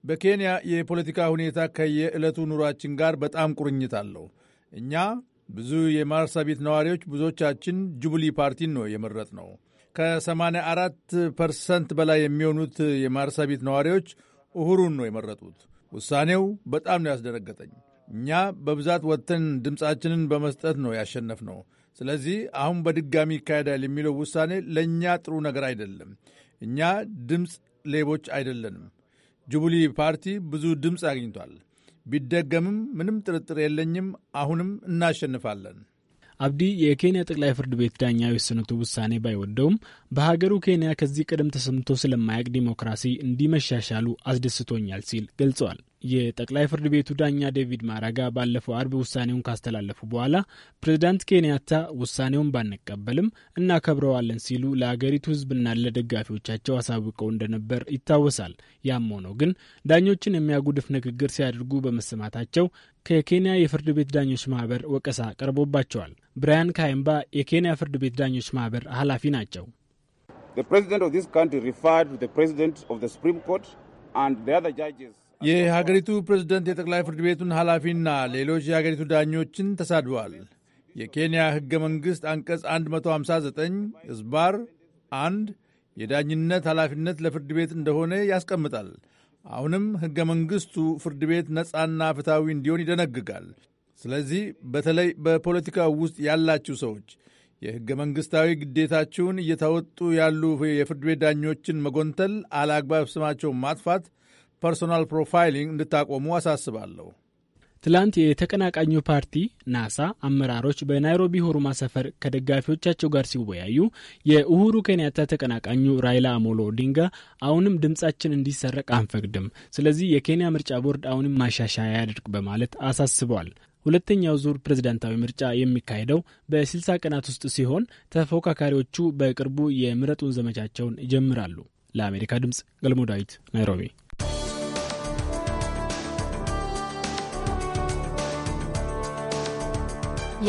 J: በኬንያ የፖለቲካ ሁኔታ ከየዕለቱ ኑሯችን ጋር በጣም ቁርኝት አለው። እኛ ብዙ የማርሳ ቤት ነዋሪዎች ብዙዎቻችን ጁብሊ ፓርቲን ነው የመረጥ ነው። ከ84 ፐርሰንት በላይ የሚሆኑት የማርሳ ቤት ነዋሪዎች እሁሩን ነው የመረጡት። ውሳኔው በጣም ነው ያስደነገጠኝ። እኛ በብዛት ወጥተን ድምፃችንን በመስጠት ነው ያሸነፍ ነው። ስለዚህ አሁን በድጋሚ ይካሄዳል የሚለው ውሳኔ ለእኛ ጥሩ ነገር አይደለም። እኛ ድምፅ ሌቦች አይደለንም። ጁቢሊ ፓርቲ ብዙ ድምፅ አግኝቷል። ቢደገምም ምንም ጥርጥር የለኝም፣ አሁንም እናሸንፋለን። አብዲ
K: የኬንያ ጠቅላይ ፍርድ ቤት ዳኛ የወሰኑት ውሳኔ ባይወደውም በሀገሩ ኬንያ ከዚህ ቀደም ተሰምቶ ስለማያውቅ ዲሞክራሲ እንዲመሻሻሉ አስደስቶኛል ሲል ገልጸዋል። የጠቅላይ ፍርድ ቤቱ ዳኛ ዴቪድ ማራጋ ባለፈው አርብ ውሳኔውን ካስተላለፉ በኋላ ፕሬዝዳንት ኬንያታ ውሳኔውን ባንቀበልም እናከብረዋለን ሲሉ ለአገሪቱ ሕዝብና ለደጋፊዎቻቸው አሳውቀው እንደነበር ይታወሳል። ያም ሆኖ ግን ዳኞችን የሚያጉድፍ ንግግር ሲያደርጉ በመሰማታቸው ከኬንያ የፍርድ ቤት ዳኞች ማህበር ወቀሳ ቀርቦባቸዋል። ብራያን ካይምባ የኬንያ ፍርድ ቤት ዳኞች ማህበር ኃላፊ ናቸው።
F: The president of this country
J: የሀገሪቱ ፕሬዝደንት የጠቅላይ ፍርድ ቤቱን ኃላፊና ሌሎች የሀገሪቱ ዳኞችን ተሳድበዋል። የኬንያ ሕገ መንግሥት አንቀጽ 159 እዝባር አንድ የዳኝነት ኃላፊነት ለፍርድ ቤት እንደሆነ ያስቀምጣል። አሁንም ሕገ መንግሥቱ ፍርድ ቤት ነፃና ፍትሐዊ እንዲሆን ይደነግጋል። ስለዚህ በተለይ በፖለቲካው ውስጥ ያላችሁ ሰዎች የሕገ መንግሥታዊ ግዴታችሁን እየተወጡ ያሉ የፍርድ ቤት ዳኞችን መጎንተል፣ አላግባብ ስማቸውን ማጥፋት ፐርሶናል ፕሮፋይሊንግ እንድታቆሙ አሳስባለሁ።
K: ትላንት የተቀናቃኙ ፓርቲ ናሳ አመራሮች በናይሮቢ ሆሩማ ሰፈር ከደጋፊዎቻቸው ጋር ሲወያዩ የኡሁሩ ኬንያታ ተቀናቃኙ ራይላ አሞሎ ኦዲንጋ አሁንም ድምጻችን እንዲሰረቅ አንፈቅድም፣ ስለዚህ የኬንያ ምርጫ ቦርድ አሁንም ማሻሻያ ያድርግ በማለት አሳስበዋል። ሁለተኛው ዙር ፕሬዝዳንታዊ ምርጫ የሚካሄደው በ60 ቀናት ውስጥ ሲሆን ተፎካካሪዎቹ በቅርቡ የምረጡን ዘመቻቸውን ይጀምራሉ። ለአሜሪካ ድምጽ ገልሞ ዳዊት ናይሮቢ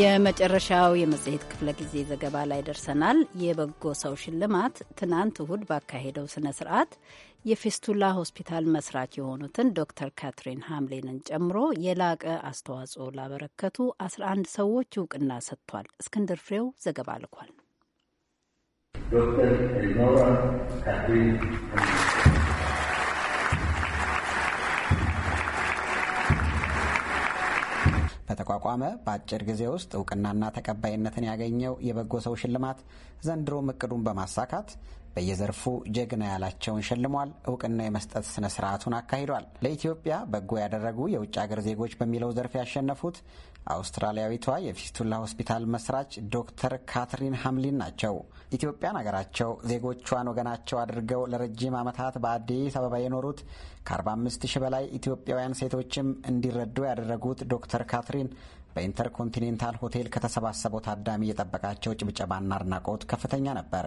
B: የመጨረሻው የመጽሔት ክፍለ ጊዜ ዘገባ ላይ ደርሰናል። የበጎ ሰው ሽልማት ትናንት እሁድ ባካሄደው ስነ ስርዓት የፌስቱላ ሆስፒታል መስራች የሆኑትን ዶክተር ካትሪን ሀምሌንን ጨምሮ የላቀ አስተዋጽኦ ላበረከቱ 11 ሰዎች እውቅና ሰጥቷል። እስክንድር ፍሬው ዘገባ ልኳል።
C: ዶክተር ኤልኖራ ካትሪን
D: ከተቋቋመ በአጭር ጊዜ ውስጥ እውቅናና ተቀባይነትን ያገኘው የበጎ ሰው ሽልማት ዘንድሮም እቅዱን በማሳካት በየዘርፉ ጀግና ያላቸውን ሸልሟል። እውቅና የመስጠት ስነ ስርዓቱን አካሂዷል። ለኢትዮጵያ በጎ ያደረጉ የውጭ አገር ዜጎች በሚለው ዘርፍ ያሸነፉት አውስትራሊያዊቷ የፊስቱላ ሆስፒታል መስራች ዶክተር ካትሪን ሀምሊን ናቸው። ኢትዮጵያን አገራቸው ዜጎቿን ወገናቸው አድርገው ለረጅም ዓመታት በአዲስ አበባ የኖሩት ከ45 ሺህ በላይ ኢትዮጵያውያን ሴቶችም እንዲረዱ ያደረጉት ዶክተር ካትሪን በኢንተርኮንቲኔንታል ሆቴል ከተሰባሰበው ታዳሚ የጠበቃቸው ጭብጨባና አድናቆት ከፍተኛ ነበር።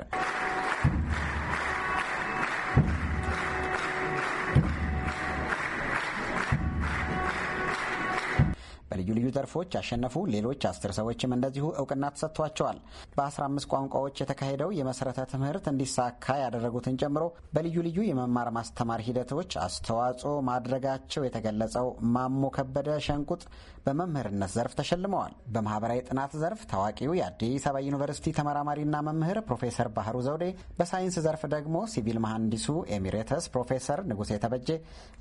D: በልዩ ልዩ ዘርፎች ያሸነፉ ሌሎች አስር ሰዎችም እንደዚሁ እውቅና ተሰጥቷቸዋል። በ15 ቋንቋዎች የተካሄደው የመሰረተ ትምህርት እንዲሳካ ያደረጉትን ጨምሮ በልዩ ልዩ የመማር ማስተማር ሂደቶች አስተዋጽኦ ማድረጋቸው የተገለጸው ማሞ ከበደ ሸንቁጥ በመምህርነት ዘርፍ ተሸልመዋል። በማህበራዊ ጥናት ዘርፍ ታዋቂው የአዲስ አበባ ዩኒቨርሲቲ ተመራማሪና መምህር ፕሮፌሰር ባህሩ ዘውዴ፣ በሳይንስ ዘርፍ ደግሞ ሲቪል መሐንዲሱ ኤሚሬተስ ፕሮፌሰር ንጉሴ ተበጀ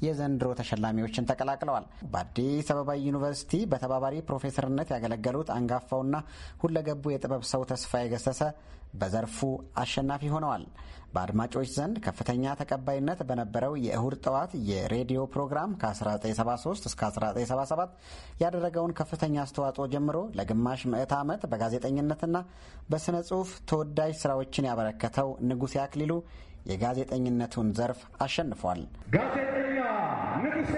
D: የዘንድሮ ተሸላሚዎችን ተቀላቅለዋል። በአዲስ አበባ ዩኒቨርሲቲ በተባባሪ ፕሮፌሰርነት ያገለገሉት አንጋፋውና ሁለገቡ የጥበብ ሰው ተስፋዬ ገሰሰ በዘርፉ አሸናፊ ሆነዋል። በአድማጮች ዘንድ ከፍተኛ ተቀባይነት በነበረው የእሁድ ጠዋት የሬዲዮ ፕሮግራም ከ1973 እስከ 1977 ያደረገውን ከፍተኛ አስተዋጽኦ ጀምሮ ለግማሽ ምዕት ዓመት በጋዜጠኝነትና በሥነ ጽሑፍ ተወዳጅ ሥራዎችን ያበረከተው ንጉሴ አክሊሉ የጋዜጠኝነቱን ዘርፍ አሸንፏል።
I: ጋዜጠኛ ንጉሴ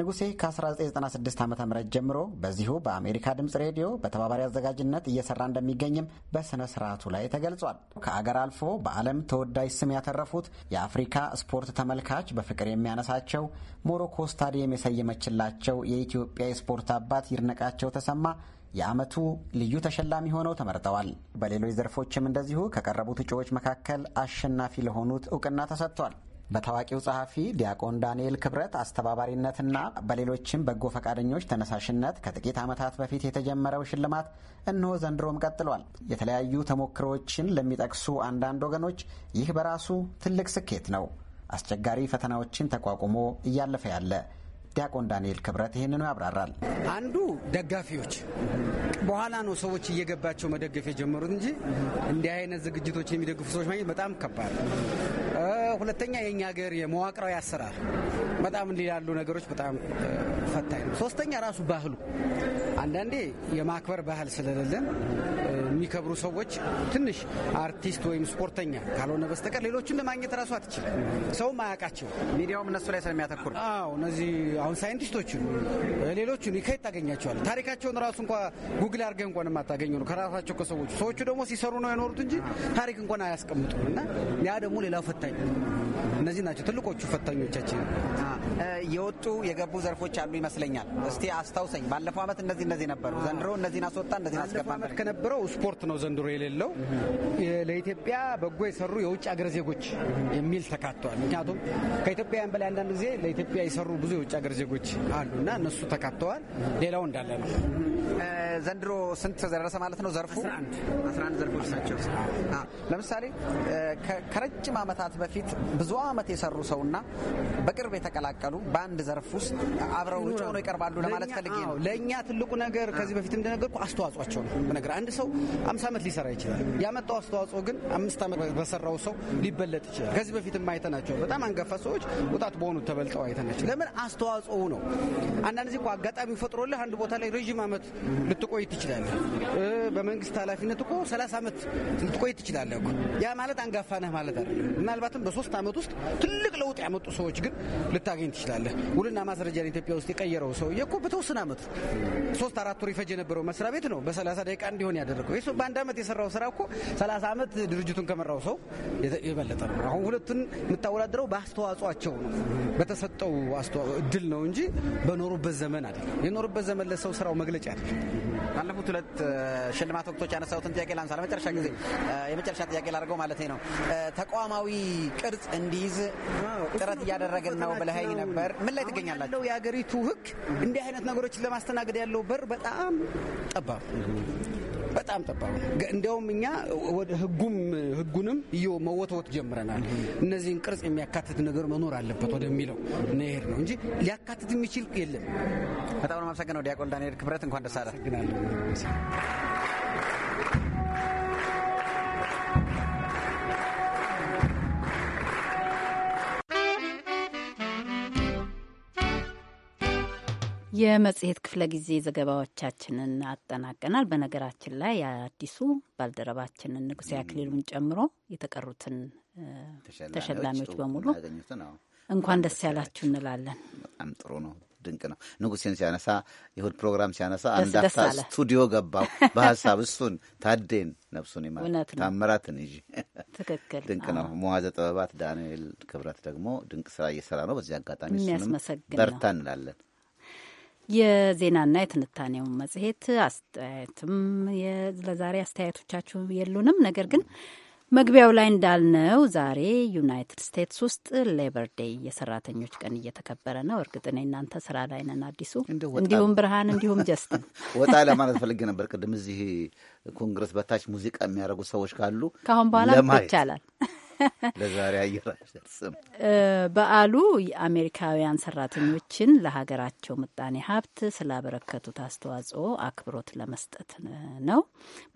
D: ንጉሴ ከ1996 ዓ ም ጀምሮ በዚሁ በአሜሪካ ድምፅ ሬዲዮ በተባባሪ አዘጋጅነት እየሰራ እንደሚገኝም በሥነ ሥርዓቱ ላይ ተገልጿል። ከአገር አልፎ በዓለም ተወዳጅ ስም ያተረፉት የአፍሪካ ስፖርት ተመልካች በፍቅር የሚያነሳቸው ሞሮኮ ስታዲየም የሰየመችላቸው የኢትዮጵያ የስፖርት አባት ይድነቃቸው ተሰማ የዓመቱ ልዩ ተሸላሚ ሆነው ተመርጠዋል። በሌሎች ዘርፎችም እንደዚሁ ከቀረቡት እጩዎች መካከል አሸናፊ ለሆኑት እውቅና ተሰጥቷል። በታዋቂው ጸሐፊ ዲያቆን ዳንኤል ክብረት አስተባባሪነትና በሌሎችም በጎ ፈቃደኞች ተነሳሽነት ከጥቂት ዓመታት በፊት የተጀመረው ሽልማት እነሆ ዘንድሮም ቀጥሏል። የተለያዩ ተሞክሮዎችን ለሚጠቅሱ አንዳንድ ወገኖች ይህ በራሱ ትልቅ ስኬት ነው። አስቸጋሪ ፈተናዎችን ተቋቁሞ እያለፈ ያለ ዲያቆን ዳንኤል ክብረት ይህንኑ ያብራራል። አንዱ ደጋፊዎች በኋላ
L: ነው ሰዎች እየገባቸው መደገፍ የጀመሩት እንጂ እንዲህ አይነት ዝግጅቶች የሚደግፉ ሰዎች ማግኘት በጣም ከባድ። ሁለተኛ የእኛ ሀገር የመዋቅራዊ አሰራር በጣም እንዲህ ያሉ ነገሮች በጣም ፈታኝ ነው። ሶስተኛ ራሱ ባህሉ አንዳንዴ የማክበር ባህል ስለሌለን የሚከብሩ ሰዎች ትንሽ አርቲስት ወይም ስፖርተኛ ካልሆነ በስተቀር ሌሎችን ለማግኘት ራሱ አትችልም። ሰውም አያውቃቸው። ሚዲያውም እነሱ ላይ ስለሚያተኩር አዎ እነዚህ አሁን ሳይንቲስቶችን ሌሎችን ከየት ታገኛቸዋለህ? ታሪካቸውን ራሱ እንኳ ጉግል አድርገህ እንኳን የማታገኘው ነው ከራሳቸው ከሰዎቹ። ሰዎቹ ደግሞ ሲሰሩ ነው የኖሩት እንጂ ታሪክ እንኳን አያስቀምጡም። እና ያ ደግሞ ሌላ ፈታኝ እነዚህ ናቸው ትልቆቹ ፈታኞቻችን። የወጡ የገቡ ዘርፎች አሉ ይመስለኛል። እስቲ አስታውሰኝ። ባለፈው ዓመት እነዚህ እነዚህ ነበሩ፣ ዘንድሮ እነዚህን አስወጣ እነዚህን አስገባ ከነበረው ስፖርት ነው ዘንድሮ የሌለው። ለኢትዮጵያ በጎ የሰሩ የውጭ አገር ዜጎች የሚል ተካቷል። ምክንያቱም ከኢትዮጵያውያን በላይ አንዳንድ ጊዜ ለኢትዮጵያ የሰሩ ብዙ የውጭ አገር ዜጎች አሉ እና እነሱ ተካተዋል። ሌላው እንዳለ ነው። ዘንድሮ ስንት ደረሰ ማለት ነው? ዘርፉ አስራ ዘርፎች ናቸው። ለምሳሌ ከረጅም ዓመታት በፊት ብዙ ዓመት የሰሩ ሰውና በቅርብ የተቀላቀሉ በአንድ ዘርፍ ውስጥ አብረው ውጭ ሆነው ይቀርባሉ ለማለት ፈልጌ ነው። ለእኛ ትልቁ ነገር ከዚህ በፊት እንደነገርኩ አስተዋጽኦቸው ነው። ነገር አንድ ሰው አምስት ዓመት ሊሰራ ይችላል። ያመጣው አስተዋጽኦ ግን አምስት ዓመት በሰራው ሰው ሊበለጥ ይችላል። ከዚህ በፊት አይተናቸው በጣም አንገፋ ሰዎች ወጣት በሆኑ ተበልጠው አይተናቸው። ለምን አስተዋጽኦ ነው። አንዳንድ ጊዜ አጋጣሚ ፈጥሮልህ አንድ ቦታ ላይ ረዥም ዓመት ልትቆይ ትችላለህ። በመንግስት ኃላፊነት እኮ ሰላሳ ዓመት ልትቆይ ትችላለህ ያ ማለት አንጋፋ ነህ ማለት አይደለም። ምናልባትም በሶስት ዓመት ውስጥ ትልቅ ለውጥ ያመጡ ሰዎች ግን ልታገኝ ትችላለህ። ውልና ማስረጃን ኢትዮጵያ ውስጥ የቀየረው ሰውዬ እኮ በተወሰነ ዓመት ሶስት አራት ወር ይፈጅ የነበረው መስሪያ ቤት ነው በ30 ደቂቃ እንዲሆን ያደረገው። ይህ በአንድ ዓመት የሰራው ስራ እኮ ሰላሳ ዓመት ድርጅቱን ከመራው ሰው የበለጠ ነው። አሁን ሁለቱን የምታወዳድረው በአስተዋጽቸው ነው በተሰጠው እድል ነው እንጂ በኖሩበት ዘመን አይደለም። የኖሩበት ዘመን ለሰው ስራው መግለጫ አይደለም። ባለፉት ሁለት ሽልማት ወቅቶች ያነሳሁትን ጥያቄ ላንሳ። ለመጨረሻ ጊዜ የመጨረሻ ጥያቄ ላድርገው ማለት ነው። ተቋማዊ ቅርጽ እንዲይዝ ጥረት እያደረግን ነው ብለኸኝ ነበር። ምን ላይ ትገኛላችሁ? የሀገሪቱ ሕግ እንዲህ አይነት ነገሮችን ለማስተናገድ ያለው በር በጣም ጠባብ በጣም ጠባብ ነው። እንዲያውም እኛ ወደ ህጉም ህጉንም እየ መወትወት ጀምረናል። እነዚህን ቅርጽ የሚያካትት ነገር መኖር አለበት ወደሚለው ነሄድ ነው እንጂ ሊያካትት የሚችል የለም። በጣም ነው ማመሰግነው። ዲያቆን ዳንኤል ክብረት እንኳን ደስ አለ።
B: የመጽሔት ክፍለ ጊዜ ዘገባዎቻችንን አጠናቀናል። በነገራችን ላይ የአዲሱ ባልደረባችንን ንጉሴ አክሊሉን ጨምሮ የተቀሩትን ተሸላሚዎች በሙሉ እንኳን ደስ ያላችሁ እንላለን። በጣም ጥሩ
A: ነው። ድንቅ ነው። ንጉሴን ሲያነሳ የእሁድ ፕሮግራም ሲያነሳ አንዳፍታ ስቱዲዮ ገባው በሀሳብ እሱን ታዴን ነፍሱን ይማር ታምራትን እ
B: ትክክል ድንቅ ነው።
A: መዋዘ ጥበባት ዳንኤል ክብረት ደግሞ ድንቅ ስራ እየሰራ ነው። በዚህ አጋጣሚ በርታ እንላለን።
B: የዜናና የትንታኔው መጽሔት አስተያየትም ለዛሬ አስተያየቶቻችሁ የሉንም። ነገር ግን መግቢያው ላይ እንዳልነው ዛሬ ዩናይትድ ስቴትስ ውስጥ ሌበር ዴይ የሰራተኞች ቀን እየተከበረ ነው። እርግጥ እኔ እናንተ ስራ ላይ ነን፣ አዲሱ እንዲሁም ብርሃን እንዲሁም ጀስትን
A: ወጣ ለማለት ፈልጌ ነበር። ቅድም እዚህ ኮንግረስ በታች ሙዚቃ የሚያደርጉ ሰዎች ካሉ
B: ከአሁን በኋላ ይቻላል
A: ለዛሬ አየር አይደርስም።
B: በዓሉ የአሜሪካውያን ሰራተኞችን ለሀገራቸው ምጣኔ ሀብት ስላበረከቱት አስተዋጽኦ አክብሮት ለመስጠት ነው።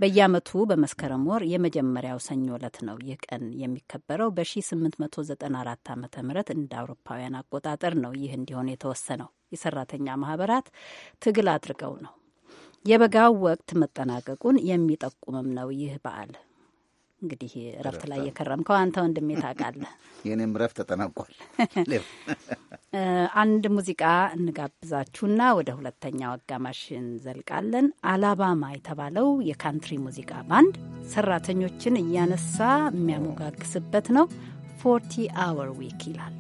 B: በየዓመቱ በመስከረም ወር የመጀመሪያው ሰኞ ዕለት ነው ይህ ቀን የሚከበረው። በ1894 ዓ ም እንደ አውሮፓውያን አቆጣጠር ነው ይህ እንዲሆን የተወሰነው። የሰራተኛ ማህበራት ትግል አድርገው ነው። የበጋው ወቅት መጠናቀቁን የሚጠቁምም ነው ይህ በዓል እንግዲህ እረፍት ላይ የከረምከው አንተ ወንድሜ ታውቃለህ።
A: የኔም እረፍት ተጠናቋል።
B: አንድ ሙዚቃ እንጋብዛችሁና ወደ ሁለተኛው አጋማሽ እንዘልቃለን። አላባማ የተባለው የካንትሪ ሙዚቃ ባንድ ሰራተኞችን እያነሳ የሚያሞጋግስበት ነው። ፎርቲ አወር ዊክ ይላል።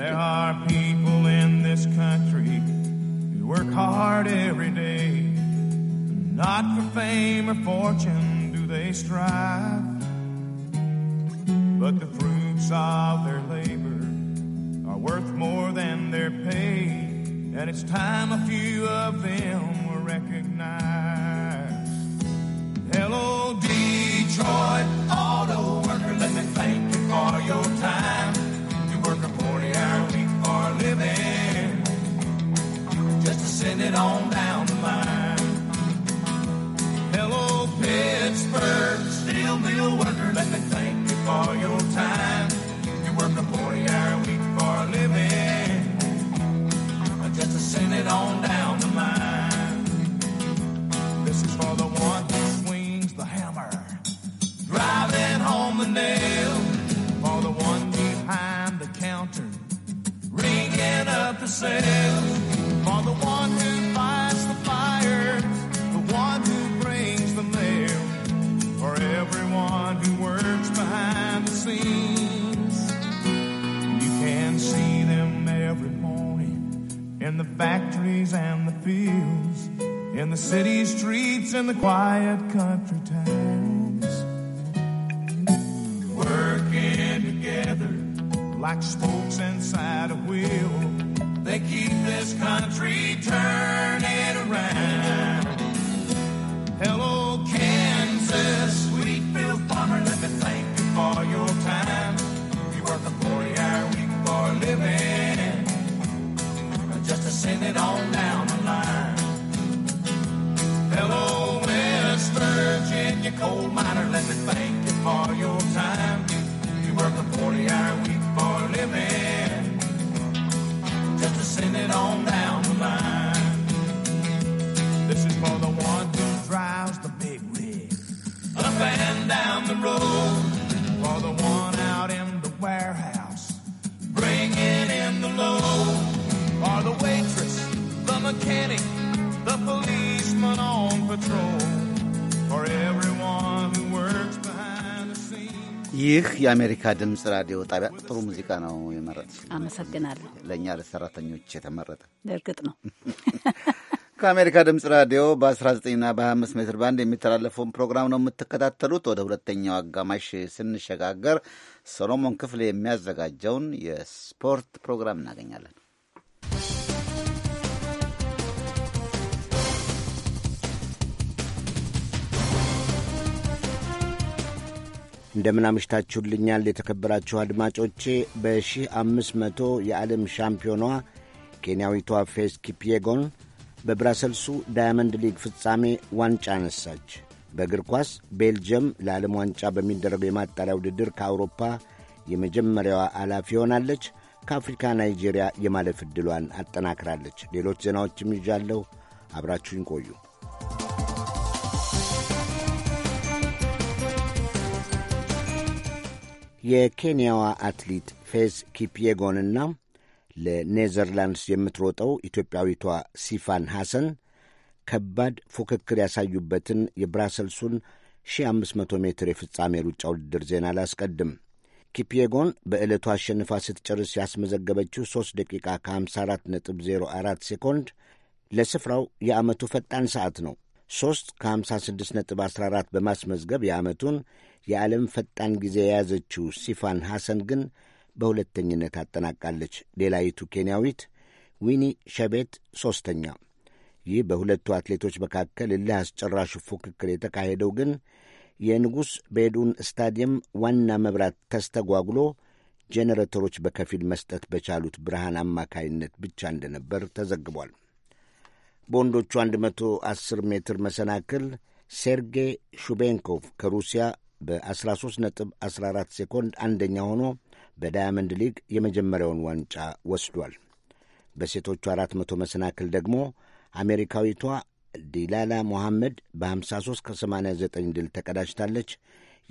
E: There are people in this country who work hard every day, not for fame or fortune. they strive, but the fruits of their labor are worth more than their pay, and it's time a few of them were recognized. Hello, Detroit auto worker, let me thank you for your time. You work a 40 hour week for a living, just to send it on down the line. Hello, Pitt worker, steel mill worker, let me thank you for your time. You work a 40 hour week for a living, just to send it on down the line. This is for the one who swings the hammer, driving home the nail, for the one behind the counter, ringing up the sales, for the one scenes. You can see them every morning in the factories and the fields, in the city streets and the quiet country towns. Working together like spokes inside a wheel. They keep this country turning around. Hello, Kansas, sweet Bill Farmer, let me thank for your time. You work a 40 hour week for a living, just to send it on down the line. Hello, Miss Virginia coal miner, let me thank you for your time. You work a 40 hour week for a living, just to send it on down.
A: ይህ የአሜሪካ ድምፅ ራዲዮ ጣቢያ ጥሩ ሙዚቃ ነው የመረጥ።
B: አመሰግናለሁ።
A: ለእኛ ለሰራተኞች የተመረጠ
B: እርግጥ ነው።
A: ከአሜሪካ ድምፅ ራዲዮ በ19ና በ25 ሜትር ባንድ የሚተላለፈውን ፕሮግራም ነው የምትከታተሉት። ወደ ሁለተኛው አጋማሽ ስንሸጋገር ሰሎሞን ክፍሌ የሚያዘጋጀውን የስፖርት ፕሮግራም እናገኛለን።
H: እንደምን አምሽታችሁልኛል የተከበራችሁ አድማጮቼ። በ1500 የዓለም ሻምፒዮኗ ኬንያዊቷ ፌዝ በብራሰልሱ ዳያመንድ ሊግ ፍጻሜ ዋንጫ አነሳች። በእግር ኳስ ቤልጅየም ለዓለም ዋንጫ በሚደረገው የማጣሪያ ውድድር ከአውሮፓ የመጀመሪያዋ አላፊ ሆናለች። ከአፍሪካ ናይጄሪያ የማለፍ ዕድሏን አጠናክራለች። ሌሎች ዜናዎችም ይዣለሁ። አብራችሁኝ ቆዩ። የኬንያዋ አትሌት ፌዝ ኪፕዬጎንና ለኔዘርላንድስ የምትሮጠው ኢትዮጵያዊቷ ሲፋን ሐሰን ከባድ ፉክክር ያሳዩበትን የብራሰልሱን 1500 ሜትር የፍጻሜ ሩጫ ውድድር ዜና ላስቀድም። ኪፒየጎን በዕለቱ አሸንፋ ስትጨርስ ያስመዘገበችው 3 ደቂቃ ከ54 ነጥብ 04 ሴኮንድ ለስፍራው የዓመቱ ፈጣን ሰዓት ነው። 3 ከ56 ነጥብ 14 በማስመዝገብ የዓመቱን የዓለም ፈጣን ጊዜ የያዘችው ሲፋን ሐሰን ግን በሁለተኝነት አጠናቃለች። ሌላዪቱ ኬንያዊት ዊኒ ሸቤት ሦስተኛ። ይህ በሁለቱ አትሌቶች መካከል እልህ አስጨራሹ ፉክክር የተካሄደው ግን የንጉሥ ቤዱን ስታዲየም ዋና መብራት ተስተጓጉሎ ጄኔሬተሮች በከፊል መስጠት በቻሉት ብርሃን አማካይነት ብቻ እንደነበር ተዘግቧል። በወንዶቹ 110 ሜትር መሰናክል ሴርጌ ሹቤንኮቭ ከሩሲያ በ13 ነጥብ 14 ሴኮንድ አንደኛ ሆኖ በዳያመንድ ሊግ የመጀመሪያውን ዋንጫ ወስዷል። በሴቶቹ 400 መሰናክል ደግሞ አሜሪካዊቷ ዲላላ ሞሐመድ በ53 ከ89 ድል ተቀዳጅታለች።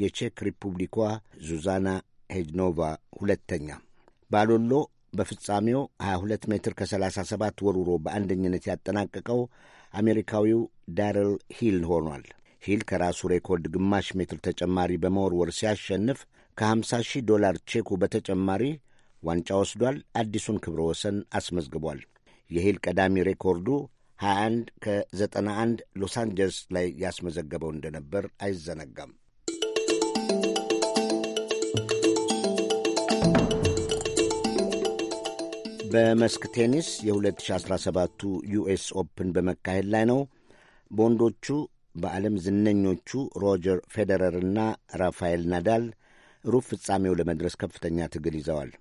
H: የቼክ ሪፑብሊኳ ዙዛና ሄጅኖቫ ሁለተኛ። ባሎሎ በፍጻሜው 22 ሜትር ከ37 ወርውሮ በአንደኝነት ያጠናቀቀው አሜሪካዊው ዳርል ሂል ሆኗል። ሂል ከራሱ ሬኮርድ ግማሽ ሜትር ተጨማሪ በመወርወር ሲያሸንፍ ከ50 ሺህ ዶላር ቼኩ በተጨማሪ ዋንጫ ወስዷል። አዲሱን ክብረ ወሰን አስመዝግቧል። የሂል ቀዳሚ ሬኮርዱ 21 ከ91 ሎስ አንጀልስ ላይ ያስመዘገበው እንደነበር አይዘነጋም። በመስክ ቴኒስ የ2017ቱ ዩኤስ ኦፕን በመካሄድ ላይ ነው። በወንዶቹ በዓለም ዝነኞቹ ሮጀር ፌዴረርና ራፋኤል ናዳል ሩብ ፍጻሜው ለመድረስ ከፍተኛ ትግል ይዘዋል።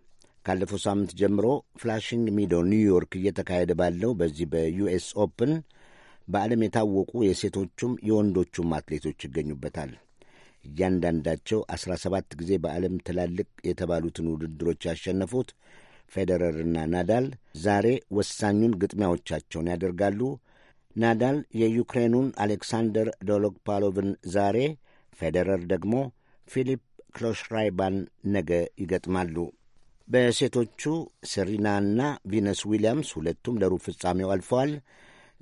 H: ካለፈው ሳምንት ጀምሮ ፍላሽንግ ሚዶ ኒውዮርክ እየተካሄደ ባለው በዚህ በዩኤስ ኦፕን በዓለም የታወቁ የሴቶቹም የወንዶቹም አትሌቶች ይገኙበታል። እያንዳንዳቸው 17 ጊዜ በዓለም ትላልቅ የተባሉትን ውድድሮች ያሸነፉት ፌዴረርና ናዳል ዛሬ ወሳኙን ግጥሚያዎቻቸውን ያደርጋሉ። ናዳል የዩክሬኑን አሌክሳንደር ዶሎግፓሎቭን ዛሬ፣ ፌዴረር ደግሞ ፊሊፕ ክሎሽራይባን ነገ ይገጥማሉ። በሴቶቹ ሴሪናና ቪነስ ዊሊያምስ ሁለቱም ለሩብ ፍጻሜው አልፈዋል።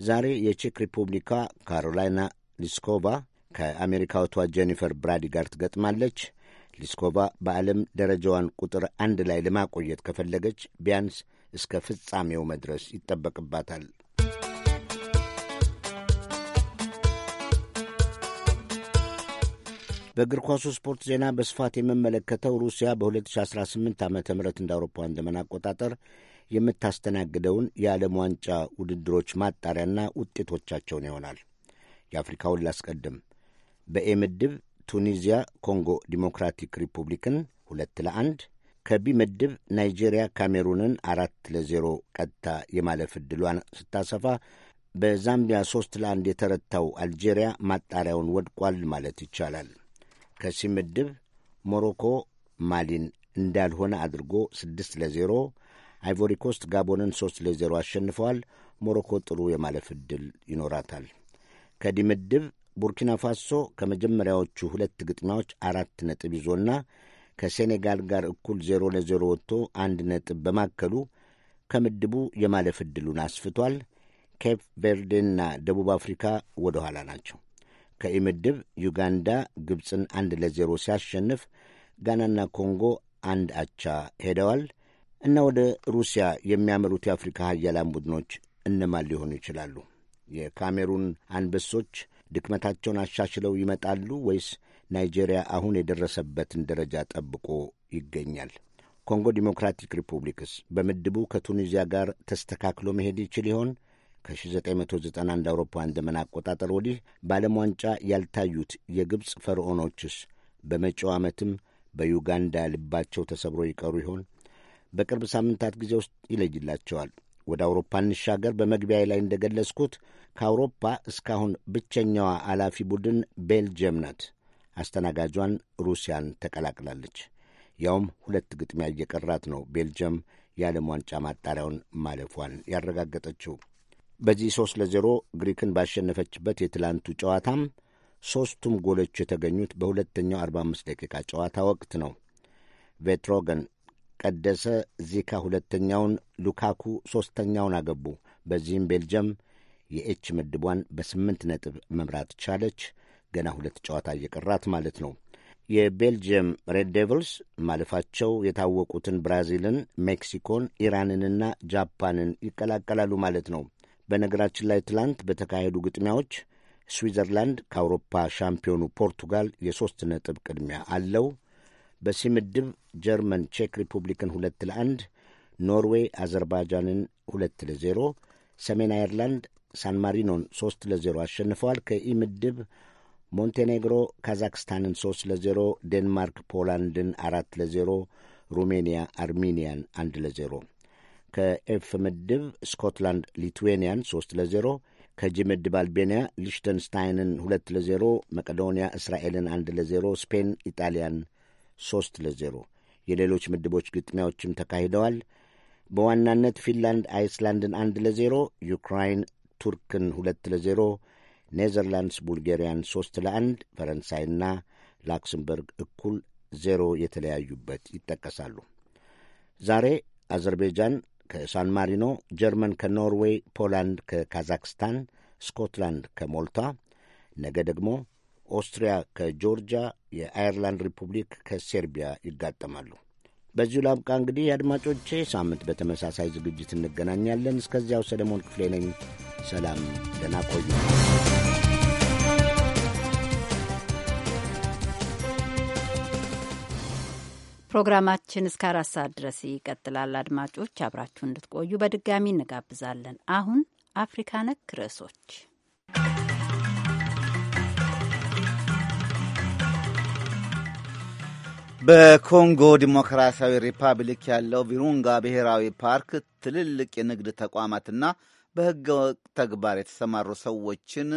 H: ዛሬ የቼክ ሪፑብሊካ ካሮላይና ሊስኮቫ ከአሜሪካዊቷ ጄኒፈር ብራዲ ጋር ትገጥማለች። ሊስኮቫ በዓለም ደረጃዋን ቁጥር አንድ ላይ ለማቆየት ከፈለገች ቢያንስ እስከ ፍጻሜው መድረስ ይጠበቅባታል። በእግር ኳሱ ስፖርት ዜና በስፋት የምመለከተው ሩሲያ በ2018 ዓ ም እንደ አውሮፓውያን ዘመን አቆጣጠር የምታስተናግደውን የዓለም ዋንጫ ውድድሮች ማጣሪያና ውጤቶቻቸውን ይሆናል። የአፍሪካውን ላስቀድም። በኤ ምድብ ቱኒዚያ ኮንጎ ዲሞክራቲክ ሪፑብሊክን ሁለት ለአንድ ከቢ ምድብ ናይጄሪያ ካሜሩንን አራት ለዜሮ ቀጥታ የማለፍ ዕድሏን ስታሰፋ በዛምቢያ ሦስት ለአንድ የተረታው አልጄሪያ ማጣሪያውን ወድቋል ማለት ይቻላል። ከሲምድብ ሞሮኮ ማሊን እንዳልሆነ አድርጎ ስድስት ለዜሮ አይቮሪኮስት ጋቦንን ሦስት ለዜሮ አሸንፈዋል። ሞሮኮ ጥሩ የማለፍ ዕድል ይኖራታል። ከዲ ምድብ ቡርኪና ፋሶ ከመጀመሪያዎቹ ሁለት ግጥሚያዎች አራት ነጥብ ይዞና ከሴኔጋል ጋር እኩል ዜሮ ለዜሮ ወጥቶ አንድ ነጥብ በማከሉ ከምድቡ የማለፍ ዕድሉን አስፍቷል። ኬፕ ቬርዴና ደቡብ አፍሪካ ወደ ኋላ ናቸው። ከኢምድብ ዩጋንዳ ግብፅን አንድ ለዜሮ ሲያሸንፍ ጋናና ኮንጎ አንድ አቻ ሄደዋል እና ወደ ሩሲያ የሚያመሩት የአፍሪካ ሀያላን ቡድኖች እነማን ሊሆኑ ይችላሉ? የካሜሩን አንበሶች ድክመታቸውን አሻሽለው ይመጣሉ ወይስ ናይጄሪያ አሁን የደረሰበትን ደረጃ ጠብቆ ይገኛል? ኮንጎ ዲሞክራቲክ ሪፑብሊክስ በምድቡ ከቱኒዚያ ጋር ተስተካክሎ መሄድ ይችል ይሆን? ከ1991 እንደ አውሮፓውያን ዘመን አቆጣጠር ወዲህ በዓለም ዋንጫ ያልታዩት የግብፅ ፈርዖኖችስ በመጪው ዓመትም በዩጋንዳ ልባቸው ተሰብሮ ይቀሩ ይሆን? በቅርብ ሳምንታት ጊዜ ውስጥ ይለይላቸዋል። ወደ አውሮፓ እንሻገር። በመግቢያ ላይ ገለጽኩት ከአውሮፓ እስካሁን ብቸኛዋ አላፊ ቡድን ቤልጅየም ናት። አስተናጋጇን ሩሲያን ተቀላቅላለች። ያውም ሁለት ግጥሚያ እየቀራት ነው ቤልጅየም የዓለም ዋንጫ ማጣሪያውን ማለፏን ያረጋገጠችው። በዚህ ሦስት ለዜሮ ግሪክን ባሸነፈችበት የትላንቱ ጨዋታም ሦስቱም ጎሎች የተገኙት በሁለተኛው 45 ደቂቃ ጨዋታ ወቅት ነው። ቬትሮገን ቀደሰ፣ ዚካ ሁለተኛውን፣ ሉካኩ ሦስተኛውን አገቡ። በዚህም ቤልጅየም የኤች ምድቧን በስምንት ነጥብ መምራት ቻለች። ገና ሁለት ጨዋታ እየቀራት ማለት ነው። የቤልጅየም ሬድ ዴቪልስ ማለፋቸው የታወቁትን ብራዚልን፣ ሜክሲኮን፣ ኢራንንና ጃፓንን ይቀላቀላሉ ማለት ነው። በነገራችን ላይ ትላንት በተካሄዱ ግጥሚያዎች ስዊዘርላንድ ከአውሮፓ ሻምፒዮኑ ፖርቱጋል የሦስት ነጥብ ቅድሚያ አለው። በሲ ምድብ ጀርመን ቼክ ሪፑብሊክን ሁለት ለአንድ፣ ኖርዌይ አዘርባይጃንን ሁለት ለዜሮ፣ ሰሜን አየርላንድ ሳን ማሪኖን ሦስት ለዜሮ አሸንፈዋል። ከኢ ምድብ ሞንቴኔግሮ ካዛክስታንን ሦስት ለዜሮ፣ ዴንማርክ ፖላንድን አራት ለዜሮ፣ ሩሜንያ አርሜኒያን አንድ ለዜሮ ከኤፍ ምድብ ስኮትላንድ ሊትዌንያን 3 ለ0፣ ከጂ ምድብ አልቤንያ ሊሽተንስታይንን 2 ለ0፣ መቄዶንያ እስራኤልን 1 ለ0፣ ስፔን ኢጣሊያን 3 ለ0። የሌሎች ምድቦች ግጥሚያዎችም ተካሂደዋል። በዋናነት ፊንላንድ አይስላንድን 1 ለ0፣ ዩክራይን ቱርክን 2 ለ0፣ ኔዘርላንድስ ቡልጋሪያን 3 ለ1፣ ፈረንሳይና ላክሰምበርግ እኩል ዜሮ የተለያዩበት ይጠቀሳሉ። ዛሬ አዘርቤጃን ከሳን ማሪኖ፣ ጀርመን ከኖርዌይ፣ ፖላንድ ከካዛክስታን፣ ስኮትላንድ ከሞልታ፣ ነገ ደግሞ ኦስትሪያ ከጆርጂያ፣ የአየርላንድ ሪፑብሊክ ከሴርቢያ ይጋጠማሉ። በዚሁ ላብቃ። እንግዲህ አድማጮቼ፣ ሳምንት በተመሳሳይ ዝግጅት እንገናኛለን። እስከዚያው ሰለሞን ክፍሌ ነኝ። ሰላም፣ ደህና ቆዩ።
B: ፕሮግራማችን እስከ አራት ሰዓት ድረስ ይቀጥላል። አድማጮች አብራችሁ እንድትቆዩ በድጋሚ እንጋብዛለን። አሁን አፍሪካ ነክ ርዕሶች
A: በኮንጎ ዲሞክራሲያዊ ሪፐብሊክ ያለው ቪሩንጋ ብሔራዊ ፓርክ ትልልቅ የንግድ ተቋማትና በሕገ ወጥ ተግባር የተሰማሩ ሰዎችን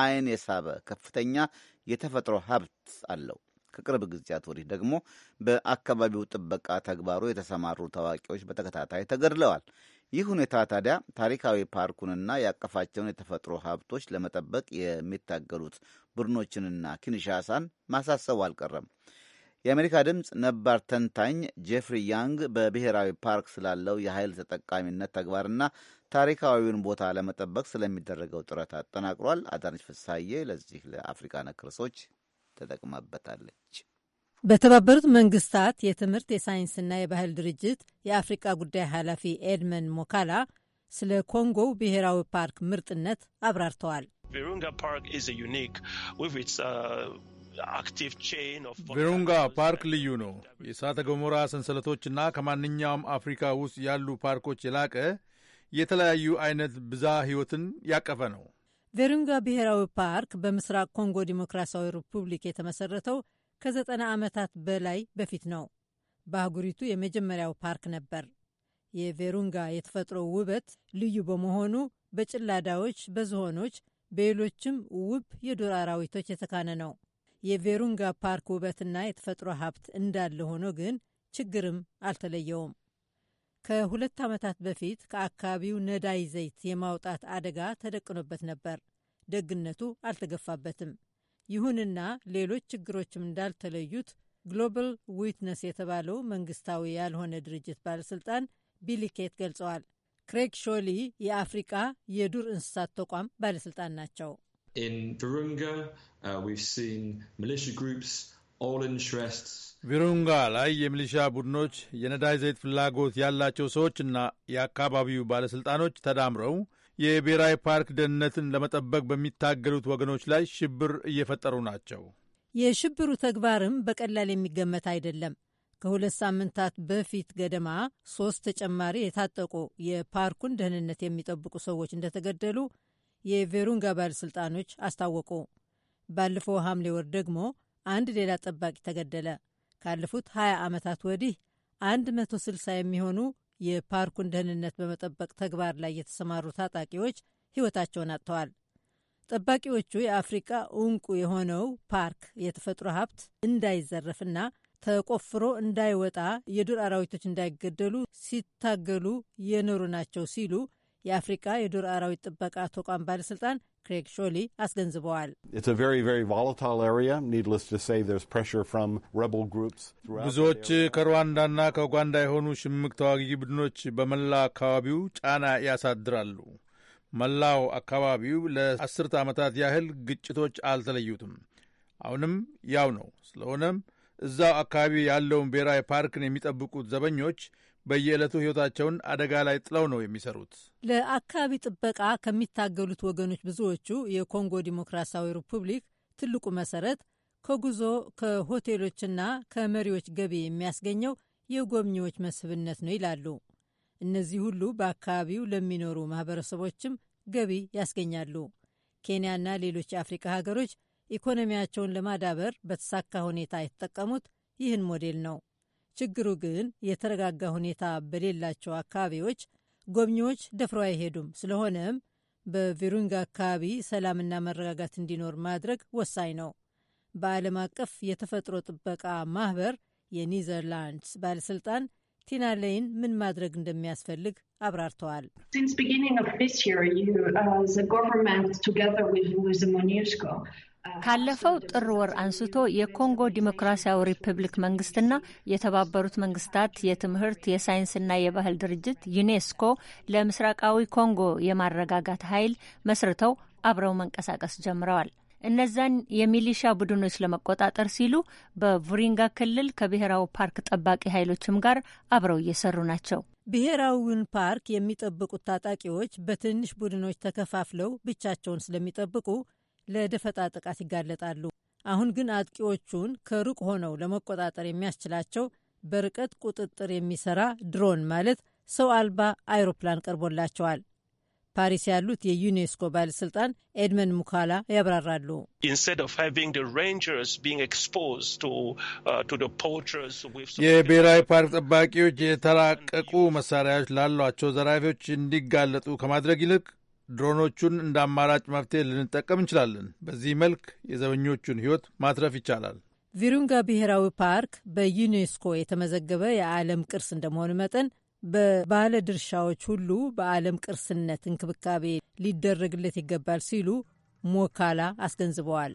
A: ዓይን የሳበ ከፍተኛ የተፈጥሮ ሀብት አለው። ከቅርብ ጊዜያት ወዲህ ደግሞ በአካባቢው ጥበቃ ተግባሩ የተሰማሩ ታዋቂዎች በተከታታይ ተገድለዋል። ይህ ሁኔታ ታዲያ ታሪካዊ ፓርኩንና ያቀፋቸውን የተፈጥሮ ሀብቶች ለመጠበቅ የሚታገሉት ቡድኖችንና ኪንሻሳን ማሳሰቡ አልቀረም። የአሜሪካ ድምፅ ነባር ተንታኝ ጄፍሪ ያንግ በብሔራዊ ፓርክ ስላለው የኃይል ተጠቃሚነት ተግባርና ታሪካዊውን ቦታ ለመጠበቅ ስለሚደረገው ጥረት አጠናቅሯል። አዳነች ፍሳዬ ለዚህ ለአፍሪካ ነክ ርዕሶች ተጠቅማበታለች።
M: በተባበሩት መንግስታት የትምህርት የሳይንስና የባህል ድርጅት የአፍሪቃ ጉዳይ ኃላፊ ኤድመን ሞካላ ስለ ኮንጎው ብሔራዊ ፓርክ ምርጥነት አብራርተዋል።
K: ቪሩንጋ
J: ፓርክ uh, ልዩ ነው። የእሳተ ገሞራ ሰንሰለቶችና ከማንኛውም አፍሪካ ውስጥ ያሉ ፓርኮች የላቀ የተለያዩ አይነት ብዝሃ ሕይወትን ያቀፈ ነው።
M: ቬሩንጋ ብሔራዊ ፓርክ በምስራቅ ኮንጎ ዲሞክራሲያዊ ሪፑብሊክ የተመሰረተው ከዘጠና ዓመታት በላይ በፊት ነው። በአህጉሪቱ የመጀመሪያው ፓርክ ነበር። የቬሩንጋ የተፈጥሮ ውበት ልዩ በመሆኑ በጭላዳዎች፣ በዝሆኖች፣ በሌሎችም ውብ የዱር አራዊቶች የተካነ ነው። የቬሩንጋ ፓርክ ውበትና የተፈጥሮ ሀብት እንዳለ ሆኖ ግን ችግርም አልተለየውም። ከሁለት ዓመታት በፊት ከአካባቢው ነዳይ ዘይት የማውጣት አደጋ ተደቅኖበት ነበር። ደግነቱ አልተገፋበትም። ይሁንና ሌሎች ችግሮችም እንዳልተለዩት ግሎባል ዊትነስ የተባለው መንግስታዊ ያልሆነ ድርጅት ባለሥልጣን ቢሊኬት ገልጸዋል። ክሬግ ሾሊ የአፍሪቃ የዱር እንስሳት ተቋም ባለሥልጣን ናቸው።
J: uh, ቪሩንጋ ላይ የሚሊሻ ቡድኖች የነዳጅ ዘይት ፍላጎት ያላቸው ሰዎችና የአካባቢው ባለሥልጣኖች ተዳምረው የብሔራዊ ፓርክ ደህንነትን ለመጠበቅ በሚታገሉት ወገኖች ላይ ሽብር እየፈጠሩ ናቸው።
M: የሽብሩ ተግባርም በቀላል የሚገመት አይደለም። ከሁለት ሳምንታት በፊት ገደማ ሶስት ተጨማሪ የታጠቁ የፓርኩን ደህንነት የሚጠብቁ ሰዎች እንደተገደሉ የቬሩንጋ ባለሥልጣኖች አስታወቁ። ባለፈው ሐምሌ ወር ደግሞ አንድ ሌላ ጠባቂ ተገደለ። ካለፉት 20 ዓመታት ወዲህ 160 የሚሆኑ የፓርኩን ደህንነት በመጠበቅ ተግባር ላይ የተሰማሩ ታጣቂዎች ሕይወታቸውን አጥተዋል። ጠባቂዎቹ የአፍሪቃ ዕንቁ የሆነው ፓርክ የተፈጥሮ ሀብት እንዳይዘረፍና ተቆፍሮ እንዳይወጣ የዱር አራዊቶች እንዳይገደሉ ሲታገሉ የኖሩ ናቸው ሲሉ የአፍሪቃ የዱር አራዊት ጥበቃ ተቋም ባለሥልጣን ክሬግ ሾሊ አስገንዝበዋል።
D: ብዙዎች
J: ከሩዋንዳና ከኡጋንዳ የሆኑ ሽምቅ ተዋጊ ቡድኖች በመላ አካባቢው ጫና ያሳድራሉ። መላው አካባቢው ለአስርተ ዓመታት ያህል ግጭቶች አልተለዩትም። አሁንም ያው ነው። ስለሆነም እዛው አካባቢ ያለውን ብሔራዊ ፓርክን የሚጠብቁት ዘበኞች በየዕለቱ ሕይወታቸውን አደጋ ላይ ጥለው ነው የሚሰሩት።
M: ለአካባቢ ጥበቃ ከሚታገሉት ወገኖች ብዙዎቹ የኮንጎ ዲሞክራሲያዊ ሪፑብሊክ ትልቁ መሰረት ከጉዞ ከሆቴሎችና ከመሪዎች ገቢ የሚያስገኘው የጎብኚዎች መስህብነት ነው ይላሉ። እነዚህ ሁሉ በአካባቢው ለሚኖሩ ማህበረሰቦችም ገቢ ያስገኛሉ። ኬንያና ሌሎች የአፍሪካ ሀገሮች ኢኮኖሚያቸውን ለማዳበር በተሳካ ሁኔታ የተጠቀሙት ይህን ሞዴል ነው። ችግሩ ግን የተረጋጋ ሁኔታ በሌላቸው አካባቢዎች ጎብኚዎች ደፍረው አይሄዱም። ስለሆነም በቪሩንጋ አካባቢ ሰላምና መረጋጋት እንዲኖር ማድረግ ወሳኝ ነው። በዓለም አቀፍ የተፈጥሮ ጥበቃ ማህበር የኒዘርላንድስ ባለሥልጣን ቲና ሌይን ምን ማድረግ እንደሚያስፈልግ አብራርተዋል።
B: ካለፈው ጥር ወር አንስቶ የኮንጎ ዲሞክራሲያዊ ሪፐብሊክ መንግስትና የተባበሩት መንግስታት የትምህርት የሳይንስና የባህል ድርጅት ዩኔስኮ ለምስራቃዊ ኮንጎ የማረጋጋት ኃይል መስርተው አብረው መንቀሳቀስ ጀምረዋል። እነዛን የሚሊሻ ቡድኖች ለመቆጣጠር ሲሉ በቡሪንጋ ክልል ከብሔራዊ ፓርክ ጠባቂ ኃይሎችም ጋር አብረው እየሰሩ ናቸው።
M: ብሔራዊውን ፓርክ የሚጠብቁት ታጣቂዎች በትንሽ ቡድኖች ተከፋፍለው ብቻቸውን ስለሚጠብቁ ለደፈጣ ጥቃት ይጋለጣሉ። አሁን ግን አጥቂዎቹን ከሩቅ ሆነው ለመቆጣጠር የሚያስችላቸው በርቀት ቁጥጥር የሚሰራ ድሮን ማለት ሰው አልባ አይሮፕላን ቀርቦላቸዋል። ፓሪስ ያሉት የዩኔስኮ ባለሥልጣን ኤድመንድ ሙካላ ያብራራሉ።
K: uh,
J: የብሔራዊ ፓርክ ጠባቂዎች የተራቀቁ መሳሪያዎች ላሏቸው ዘራፊዎች እንዲጋለጡ ከማድረግ ይልቅ ድሮኖቹን እንደ አማራጭ መፍትሄ ልንጠቀም እንችላለን። በዚህ መልክ የዘበኞቹን ሕይወት ማትረፍ ይቻላል።
M: ቪሩንጋ ብሔራዊ ፓርክ በዩኔስኮ የተመዘገበ የዓለም ቅርስ እንደመሆኑ መጠን በባለ ድርሻዎች ሁሉ በዓለም ቅርስነት እንክብካቤ ሊደረግለት ይገባል ሲሉ ሞካላ አስገንዝበዋል።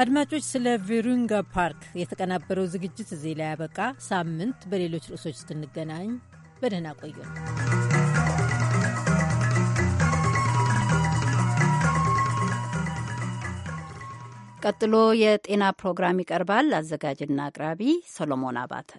M: አድማጮች፣ ስለ ቪሩንጋ ፓርክ የተቀናበረው ዝግጅት እዚህ ላይ ያበቃ። ሳምንት በሌሎች ርዕሶች እስክንገናኝ በደህና ቆዩ።
B: ቀጥሎ የጤና ፕሮግራም ይቀርባል። አዘጋጅና አቅራቢ ሰሎሞን አባተ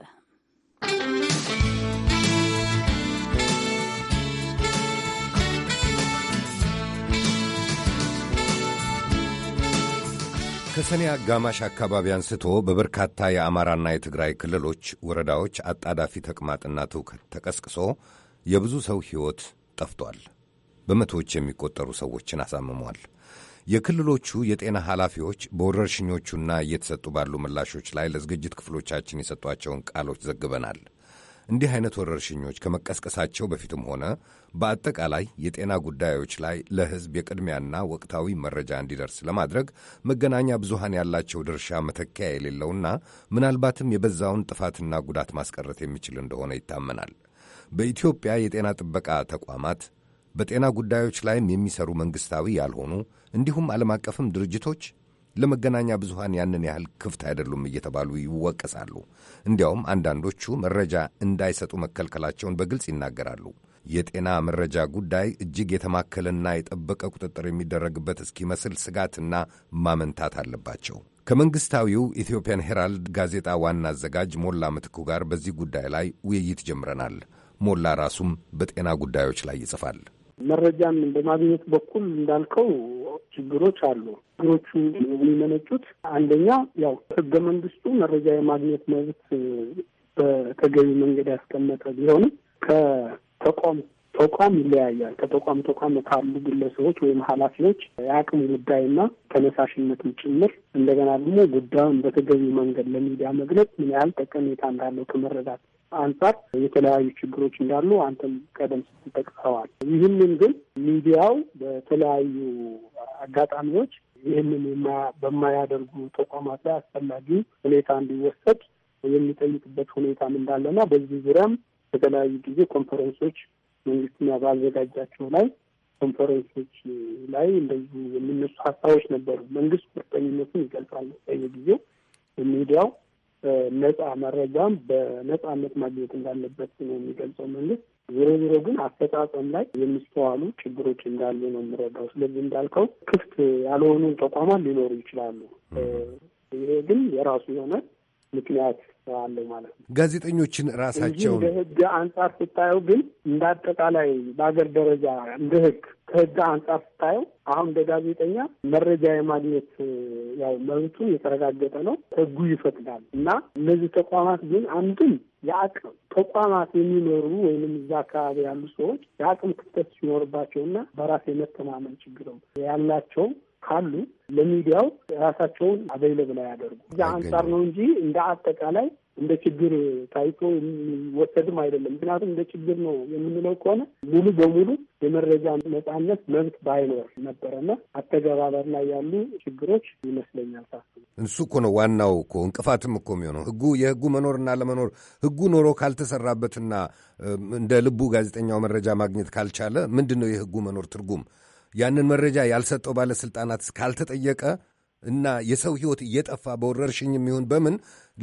F: ከሰኔ አጋማሽ አካባቢ አንስቶ በበርካታ የአማራና የትግራይ ክልሎች ወረዳዎች አጣዳፊ ተቅማጥና ትውከት ተቀስቅሶ የብዙ ሰው ሕይወት ጠፍቷል። በመቶዎች የሚቆጠሩ ሰዎችን አሳምሟል። የክልሎቹ የጤና ኃላፊዎች በወረርሽኞቹና እየተሰጡ ባሉ ምላሾች ላይ ለዝግጅት ክፍሎቻችን የሰጧቸውን ቃሎች ዘግበናል። እንዲህ አይነት ወረርሽኞች ከመቀስቀሳቸው በፊትም ሆነ በአጠቃላይ የጤና ጉዳዮች ላይ ለሕዝብ የቅድሚያና ወቅታዊ መረጃ እንዲደርስ ለማድረግ መገናኛ ብዙሃን ያላቸው ድርሻ መተኪያ የሌለውና ምናልባትም የበዛውን ጥፋትና ጉዳት ማስቀረት የሚችል እንደሆነ ይታመናል። በኢትዮጵያ የጤና ጥበቃ ተቋማት በጤና ጉዳዮች ላይም የሚሰሩ መንግስታዊ ያልሆኑ እንዲሁም ዓለም አቀፍም ድርጅቶች ለመገናኛ ብዙሃን ያንን ያህል ክፍት አይደሉም እየተባሉ ይወቀሳሉ። እንዲያውም አንዳንዶቹ መረጃ እንዳይሰጡ መከልከላቸውን በግልጽ ይናገራሉ። የጤና መረጃ ጉዳይ እጅግ የተማከለና የጠበቀ ቁጥጥር የሚደረግበት እስኪመስል ስጋትና ማመንታት አለባቸው። ከመንግሥታዊው ኢትዮጵያን ሄራልድ ጋዜጣ ዋና አዘጋጅ ሞላ ምትኩ ጋር በዚህ ጉዳይ ላይ ውይይት ጀምረናል። ሞላ ራሱም በጤና ጉዳዮች ላይ ይጽፋል።
G: መረጃን በማግኘት በኩል እንዳልከው ችግሮች አሉ። ችግሮቹ የሚመነጩት አንደኛ ያው ህገ መንግስቱ መረጃ የማግኘት መብት በተገቢ መንገድ ያስቀመጠ ቢሆንም ከተቋም ተቋም ይለያያል። ከተቋም ተቋም ካሉ ግለሰቦች ወይም ኃላፊዎች የአቅም ጉዳይና ተነሳሽነትም ጭምር እንደገና ደግሞ ጉዳዩን በተገቢ መንገድ ለሚዲያ መግለጽ ምን ያህል ጠቀሜታ እንዳለው ከመረዳት አንጻር የተለያዩ ችግሮች እንዳሉ አንተም ቀደም ስትጠቅሰዋል። ጠቅሰዋል። ይህንን ግን ሚዲያው በተለያዩ አጋጣሚዎች ይህንን በማያደርጉ ተቋማት ላይ አስፈላጊ ሁኔታ እንዲወሰድ የሚጠይቅበት ሁኔታም እንዳለና በዚህ ዙሪያም በተለያዩ ጊዜ ኮንፈረንሶች መንግስትና ባዘጋጃቸው ላይ ኮንፈረንሶች ላይ እንደዚህ የሚነሱ ሀሳቦች ነበሩ። መንግስት ቁርጠኝነቱን ይገልጻል በየጊዜው ሚዲያው ነጻ መረጃም በነጻነት ማግኘት እንዳለበት ነው የሚገልጸው መንግስት። ዞሮ ዞሮ ግን አፈጻጸም ላይ የሚስተዋሉ ችግሮች እንዳሉ ነው የምረዳው። ስለዚህ እንዳልከው ክፍት ያልሆኑ ተቋማት ሊኖሩ ይችላሉ። ይሄ ግን የራሱ የሆነ ምክንያት አለው ማለት ነው።
F: ጋዜጠኞችን ራሳቸውን እንደ
G: ሕግ አንጻር ስታየው ግን እንደ አጠቃላይ በሀገር ደረጃ እንደ ህግ ከህግ አንጻር ስታየው አሁን እንደ ጋዜጠኛ መረጃ የማግኘት ያው መብቱ የተረጋገጠ ነው፣ ህጉ ይፈቅዳል እና እነዚህ ተቋማት ግን አንድም የአቅም ተቋማት የሚኖሩ ወይንም እዛ አካባቢ ያሉ ሰዎች የአቅም ክፍተት ሲኖርባቸውና በራስ የመተማመን ችግር ያላቸው ካሉ ለሚዲያው ራሳቸውን አቬይለብል አያደርጉ። እዚ አንጻር ነው እንጂ እንደ አጠቃላይ እንደ ችግር ታይቶ የሚወሰድም አይደለም። ምክንያቱም እንደ ችግር ነው የምንለው ከሆነ ሙሉ በሙሉ የመረጃ ነጻነት መብት ባይኖር ነበረና አተገባበር ላይ ያሉ ችግሮች ይመስለኛል። ሳ
F: እሱ እኮ ነው ዋናው እኮ እንቅፋትም እኮ የሚሆነው ህጉ የህጉ መኖርና ለመኖር ህጉ ኖሮ ካልተሰራበትና እንደ ልቡ ጋዜጠኛው መረጃ ማግኘት ካልቻለ ምንድን ነው የህጉ መኖር ትርጉም? ያንን መረጃ ያልሰጠው ባለሥልጣናት ካልተጠየቀ እና የሰው ሕይወት እየጠፋ በወረርሽኝ የሚሆን በምን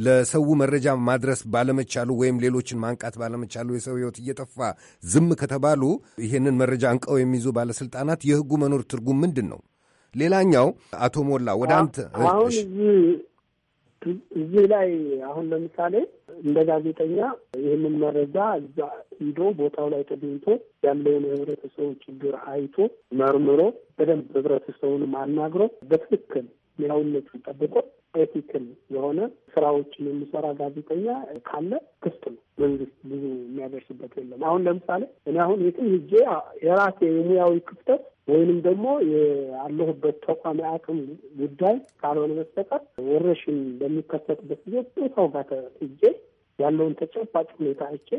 F: ለሰው መረጃ ማድረስ ባለመቻሉ ወይም ሌሎችን ማንቃት ባለመቻሉ የሰው ሕይወት እየጠፋ ዝም ከተባሉ ይህንን መረጃ አንቀው የሚይዙ ባለስልጣናት የሕጉ መኖር ትርጉም ምንድን ነው? ሌላኛው አቶ ሞላ ወደ አንተ አሁን
G: እዚህ ላይ አሁን ለምሳሌ እንደ ጋዜጠኛ ይህንን መረጃ እዛ ሂዶ ቦታው ላይ ተገኝቶ ያለውን የህብረተሰቡ ችግር አይቶ መርምሮ በደንብ ህብረተሰቡንም አናግሮ በትክክል ሙያዊነቱ ጠብቆ ኤቲክል የሆነ ስራዎችን የሚሰራ ጋዜጠኛ ካለ ክፍት ነው። መንግስት ብዙ የሚያደርስበት የለም። አሁን ለምሳሌ እኔ አሁን የትም ሂጄ የራሴ የሙያዊ ክፍተት ወይንም ደግሞ ያለሁበት ተቋም አቅም ጉዳይ ካልሆነ በስተቀር ወረሽን በሚከሰትበት ጊዜ ቦታው ጋር ተሄጄ ያለውን ተጨባጭ ሁኔታ አይቼ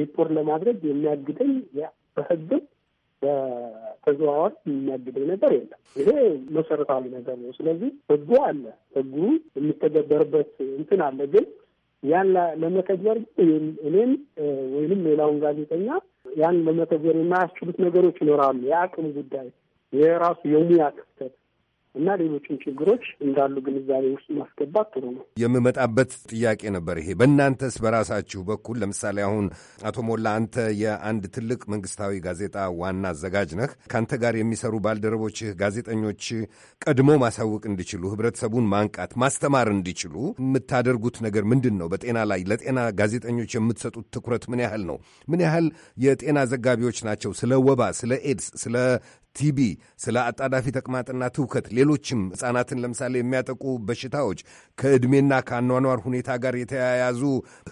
G: ሪፖርት ለማድረግ የሚያግደኝ በህግም በተዘዋዋሪ የሚያግደኝ ነገር የለም። ይሄ መሰረታዊ ነገር ነው። ስለዚህ ህጉ አለ፣ ህጉ የሚተገበርበት እንትን አለ። ግን ያን ለመተግበር እኔም ወይንም ሌላውን ጋዜጠኛ ያን ለመተግበር የማያስችሉት ነገሮች ይኖራሉ። የአቅም ጉዳይ፣ የራሱ የሙያ ክፍተት እና ሌሎችም ችግሮች እንዳሉ ግንዛቤ ውስጥ ማስገባት ጥሩ ነው።
F: የምመጣበት ጥያቄ ነበር ይሄ በእናንተስ በራሳችሁ በኩል ለምሳሌ አሁን አቶ ሞላ አንተ የአንድ ትልቅ መንግስታዊ ጋዜጣ ዋና አዘጋጅ ነህ። ከአንተ ጋር የሚሰሩ ባልደረቦችህ ጋዜጠኞች ቀድሞ ማሳወቅ እንዲችሉ፣ ህብረተሰቡን ማንቃት ማስተማር እንዲችሉ የምታደርጉት ነገር ምንድን ነው? በጤና ላይ ለጤና ጋዜጠኞች የምትሰጡት ትኩረት ምን ያህል ነው? ምን ያህል የጤና ዘጋቢዎች ናቸው ስለ ወባ፣ ስለ ኤድስ፣ ስለ ቲቢ፣ ስለ አጣዳፊ ተቅማጥና ትውከት፣ ሌሎችም ሕፃናትን ለምሳሌ የሚያጠቁ በሽታዎች ከዕድሜና ከአኗኗር ሁኔታ ጋር የተያያዙ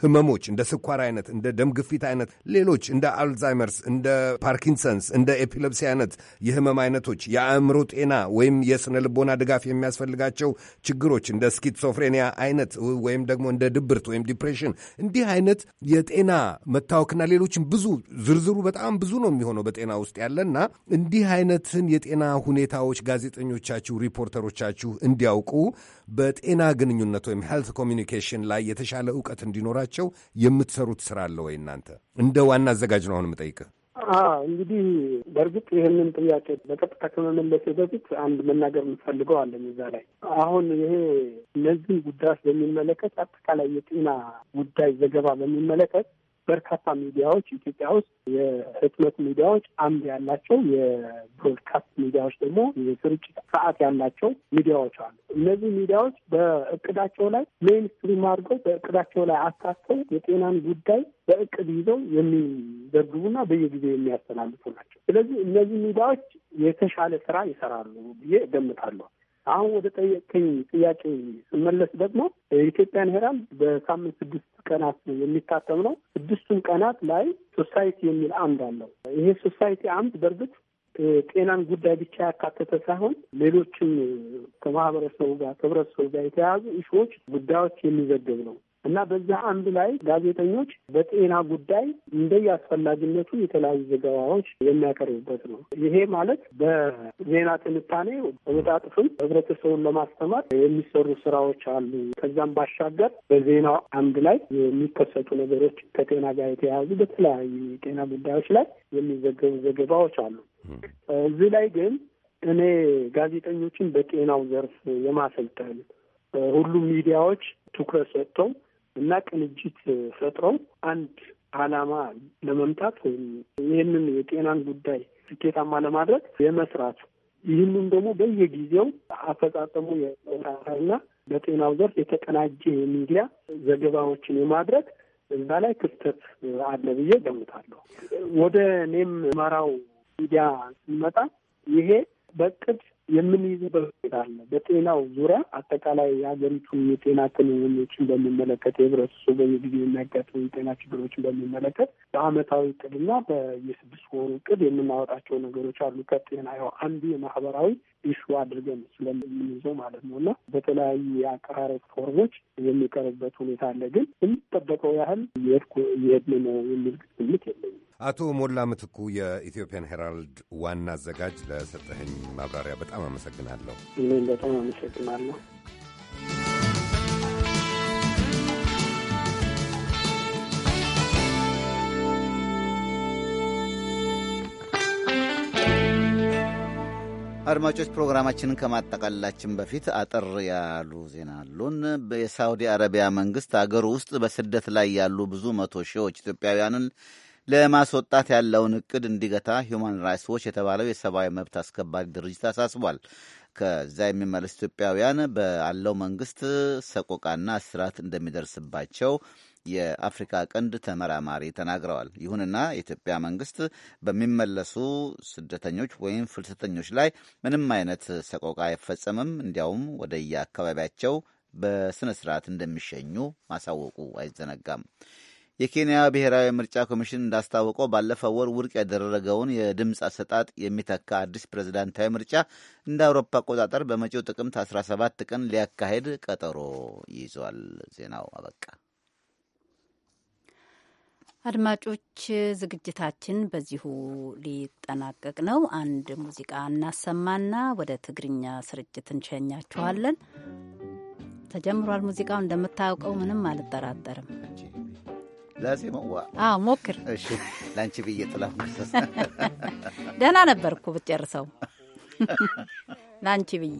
F: ህመሞች እንደ ስኳር አይነት፣ እንደ ደም ግፊት አይነት፣ ሌሎች እንደ አልዛይመርስ፣ እንደ ፓርኪንሰንስ፣ እንደ ኤፒለፕሲ አይነት የህመም አይነቶች፣ የአእምሮ ጤና ወይም የስነ ልቦና ድጋፍ የሚያስፈልጋቸው ችግሮች እንደ ስኪትሶፍሬኒያ አይነት ወይም ደግሞ እንደ ድብርት ወይም ዲፕሬሽን እንዲህ አይነት የጤና መታወክና ሌሎችም ብዙ ዝርዝሩ በጣም ብዙ ነው የሚሆነው በጤና ውስጥ ያለና እንዲህ አይነት አይነትን የጤና ሁኔታዎች ጋዜጠኞቻችሁ፣ ሪፖርተሮቻችሁ እንዲያውቁ በጤና ግንኙነት ወይም ሄልት ኮሚኒኬሽን ላይ የተሻለ እውቀት እንዲኖራቸው የምትሰሩት ስራ አለ ወይ? እናንተ እንደ ዋና አዘጋጅ ነው አሁን የምጠይቅህ።
G: እንግዲህ በእርግጥ ይህንን ጥያቄ በቀጥታ ከመመለሴ በፊት አንድ መናገር የምፈልገው አለኝ እዛ ላይ አሁን ይሄ እነዚህን ጉዳዮች በሚመለከት አጠቃላይ የጤና ጉዳይ ዘገባ በሚመለከት በርካታ ሚዲያዎች ኢትዮጵያ ውስጥ የህትመት ሚዲያዎች አምድ ያላቸው፣ የብሮድካስት ሚዲያዎች ደግሞ የስርጭት ሰዓት ያላቸው ሚዲያዎች አሉ። እነዚህ ሚዲያዎች በእቅዳቸው ላይ ሜንስትሪም አድርገው በእቅዳቸው ላይ አካተው የጤናን ጉዳይ በእቅድ ይዘው የሚዘግቡና በየጊዜው የሚያስተላልፉ ናቸው። ስለዚህ እነዚህ ሚዲያዎች የተሻለ ስራ ይሰራሉ ብዬ እገምታለሁ። አሁን ወደ ጠየቀኝ ጥያቄ ስመለስ ደግሞ የኢትዮጵያን ሄራልድ በሳምንት ስድስት ቀናት የሚታተም ነው። ስድስቱም ቀናት ላይ ሶሳይቲ የሚል አምድ አለው። ይሄ ሶሳይቲ አምድ በእርግጥ ጤናን ጉዳይ ብቻ ያካተተ ሳይሆን ሌሎችም ከማህበረሰቡ ጋር ከህብረተሰቡ ጋር የተያያዙ እሾዎች ጉዳዮች የሚዘግብ ነው። እና በዛ አምድ ላይ ጋዜጠኞች በጤና ጉዳይ እንደየ አስፈላጊነቱ የተለያዩ ዘገባዎች የሚያቀርቡበት ነው። ይሄ ማለት በዜና ትንታኔ በመጣጥፍም ህብረተሰቡን ለማስተማር የሚሰሩ ስራዎች አሉ። ከዛም ባሻገር በዜና አምድ ላይ የሚከሰቱ ነገሮች ከጤና ጋር የተያያዙ በተለያዩ የጤና ጉዳዮች ላይ የሚዘገቡ ዘገባዎች አሉ። እዚህ ላይ ግን እኔ ጋዜጠኞችን በጤናው ዘርፍ የማሰልጠን ሁሉም ሚዲያዎች ትኩረት ሰጥተው እና ቅንጅት ፈጥረው አንድ ዓላማ ለመምታት ወይም ይህንን የጤናን ጉዳይ ስኬታማ ለማድረግ የመስራት ይህንም ደግሞ በየጊዜው አፈጻጸሙ የመሳሰርና በጤናው ዘርፍ የተቀናጀ የሚዲያ ዘገባዎችን የማድረግ እዛ ላይ ክፍተት አለ ብዬ ገምታለሁ። ወደ እኔም መራው ሚዲያ ስንመጣ ይሄ በቅድ የምንይዝበት ሁኔታ አለ። በጤናው ዙሪያ አጠቃላይ የሀገሪቱን የጤና ክንውኖችን በሚመለከት የህብረተሰቡ በየጊዜው የሚያጋጥሙ የጤና ችግሮችን በሚመለከት በአመታዊ እቅድና በየስድስት ወሩ እቅድ የምናወጣቸው ነገሮች አሉ። ከጤና ያው አንዱ የማህበራዊ ኢሹ አድርገን ስለምንይዘው ማለት ነው እና በተለያዩ የአቀራረብ ፎርሞች የሚቀርብበት ሁኔታ አለ። ግን የሚጠበቀው ያህል የሄድኩ እየሄድን ነው የሚል ግምት የለኝም።
F: አቶ ሞላ ምትኩ የኢትዮጵያን ሄራልድ ዋና አዘጋጅ፣ ለሰጠህኝ ማብራሪያ በጣም በጣም አመሰግናለሁ።
G: እኔም በጣም አመሰግናለሁ።
A: አድማጮች ፕሮግራማችንን ከማጠቃለላችን በፊት አጠር ያሉ ዜና አሉን። የሳውዲ አረቢያ መንግስት አገር ውስጥ በስደት ላይ ያሉ ብዙ መቶ ሺዎች ኢትዮጵያውያንን ለማስወጣት ያለውን እቅድ እንዲገታ ሁማን ራይትስ ዎች የተባለው የሰብአዊ መብት አስከባሪ ድርጅት አሳስቧል። ከዛ የሚመለስ ኢትዮጵያውያን ባለው መንግስት ሰቆቃና እስራት እንደሚደርስባቸው የአፍሪካ ቀንድ ተመራማሪ ተናግረዋል። ይሁንና የኢትዮጵያ መንግስት በሚመለሱ ስደተኞች ወይም ፍልሰተኞች ላይ ምንም አይነት ሰቆቃ አይፈጸምም፣ እንዲያውም ወደየአካባቢያቸው በስነ ስርዓት እንደሚሸኙ ማሳወቁ አይዘነጋም። የኬንያ ብሔራዊ ምርጫ ኮሚሽን እንዳስታወቀው ባለፈው ወር ውድቅ ያደረገውን የድምፅ አሰጣጥ የሚተካ አዲስ ፕሬዝዳንታዊ ምርጫ እንደ አውሮፓ አቆጣጠር በመጪው ጥቅምት 17 ቀን ሊያካሄድ ቀጠሮ ይዟል። ዜናው አበቃ።
B: አድማጮች፣ ዝግጅታችን በዚሁ ሊጠናቀቅ ነው። አንድ ሙዚቃ እናሰማና ወደ ትግርኛ ስርጭት እንሸኛችኋለን። ተጀምሯል። ሙዚቃው እንደምታውቀው ምንም አልጠራጠርም።
A: ለዜማዋ አዎ፣ ሞክር እሺ። ለአንቺ ብዬ ጥላሁ
B: ደህና ነበርኩ ብትጨርሰው ለአንቺ ብዬ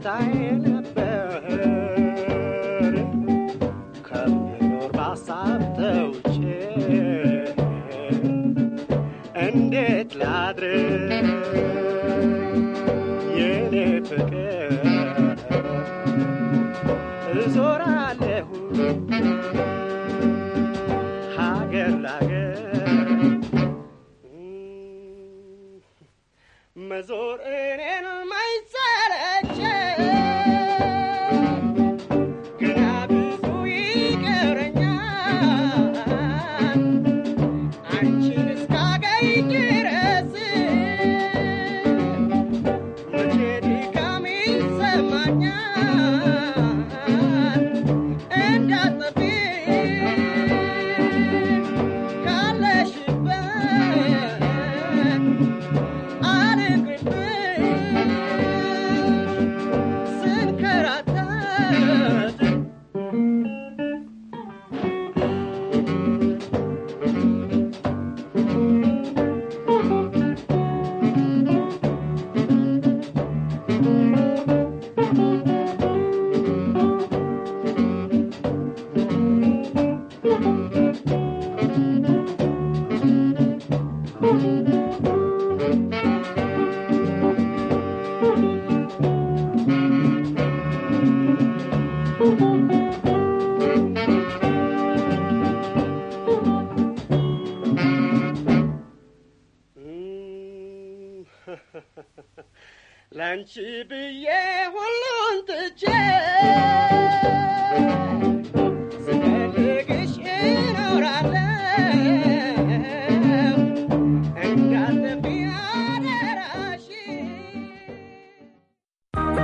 C: Thank you. ነበር የኔ ፍቅር እዞራለሁ ሀገር ላገር መዞር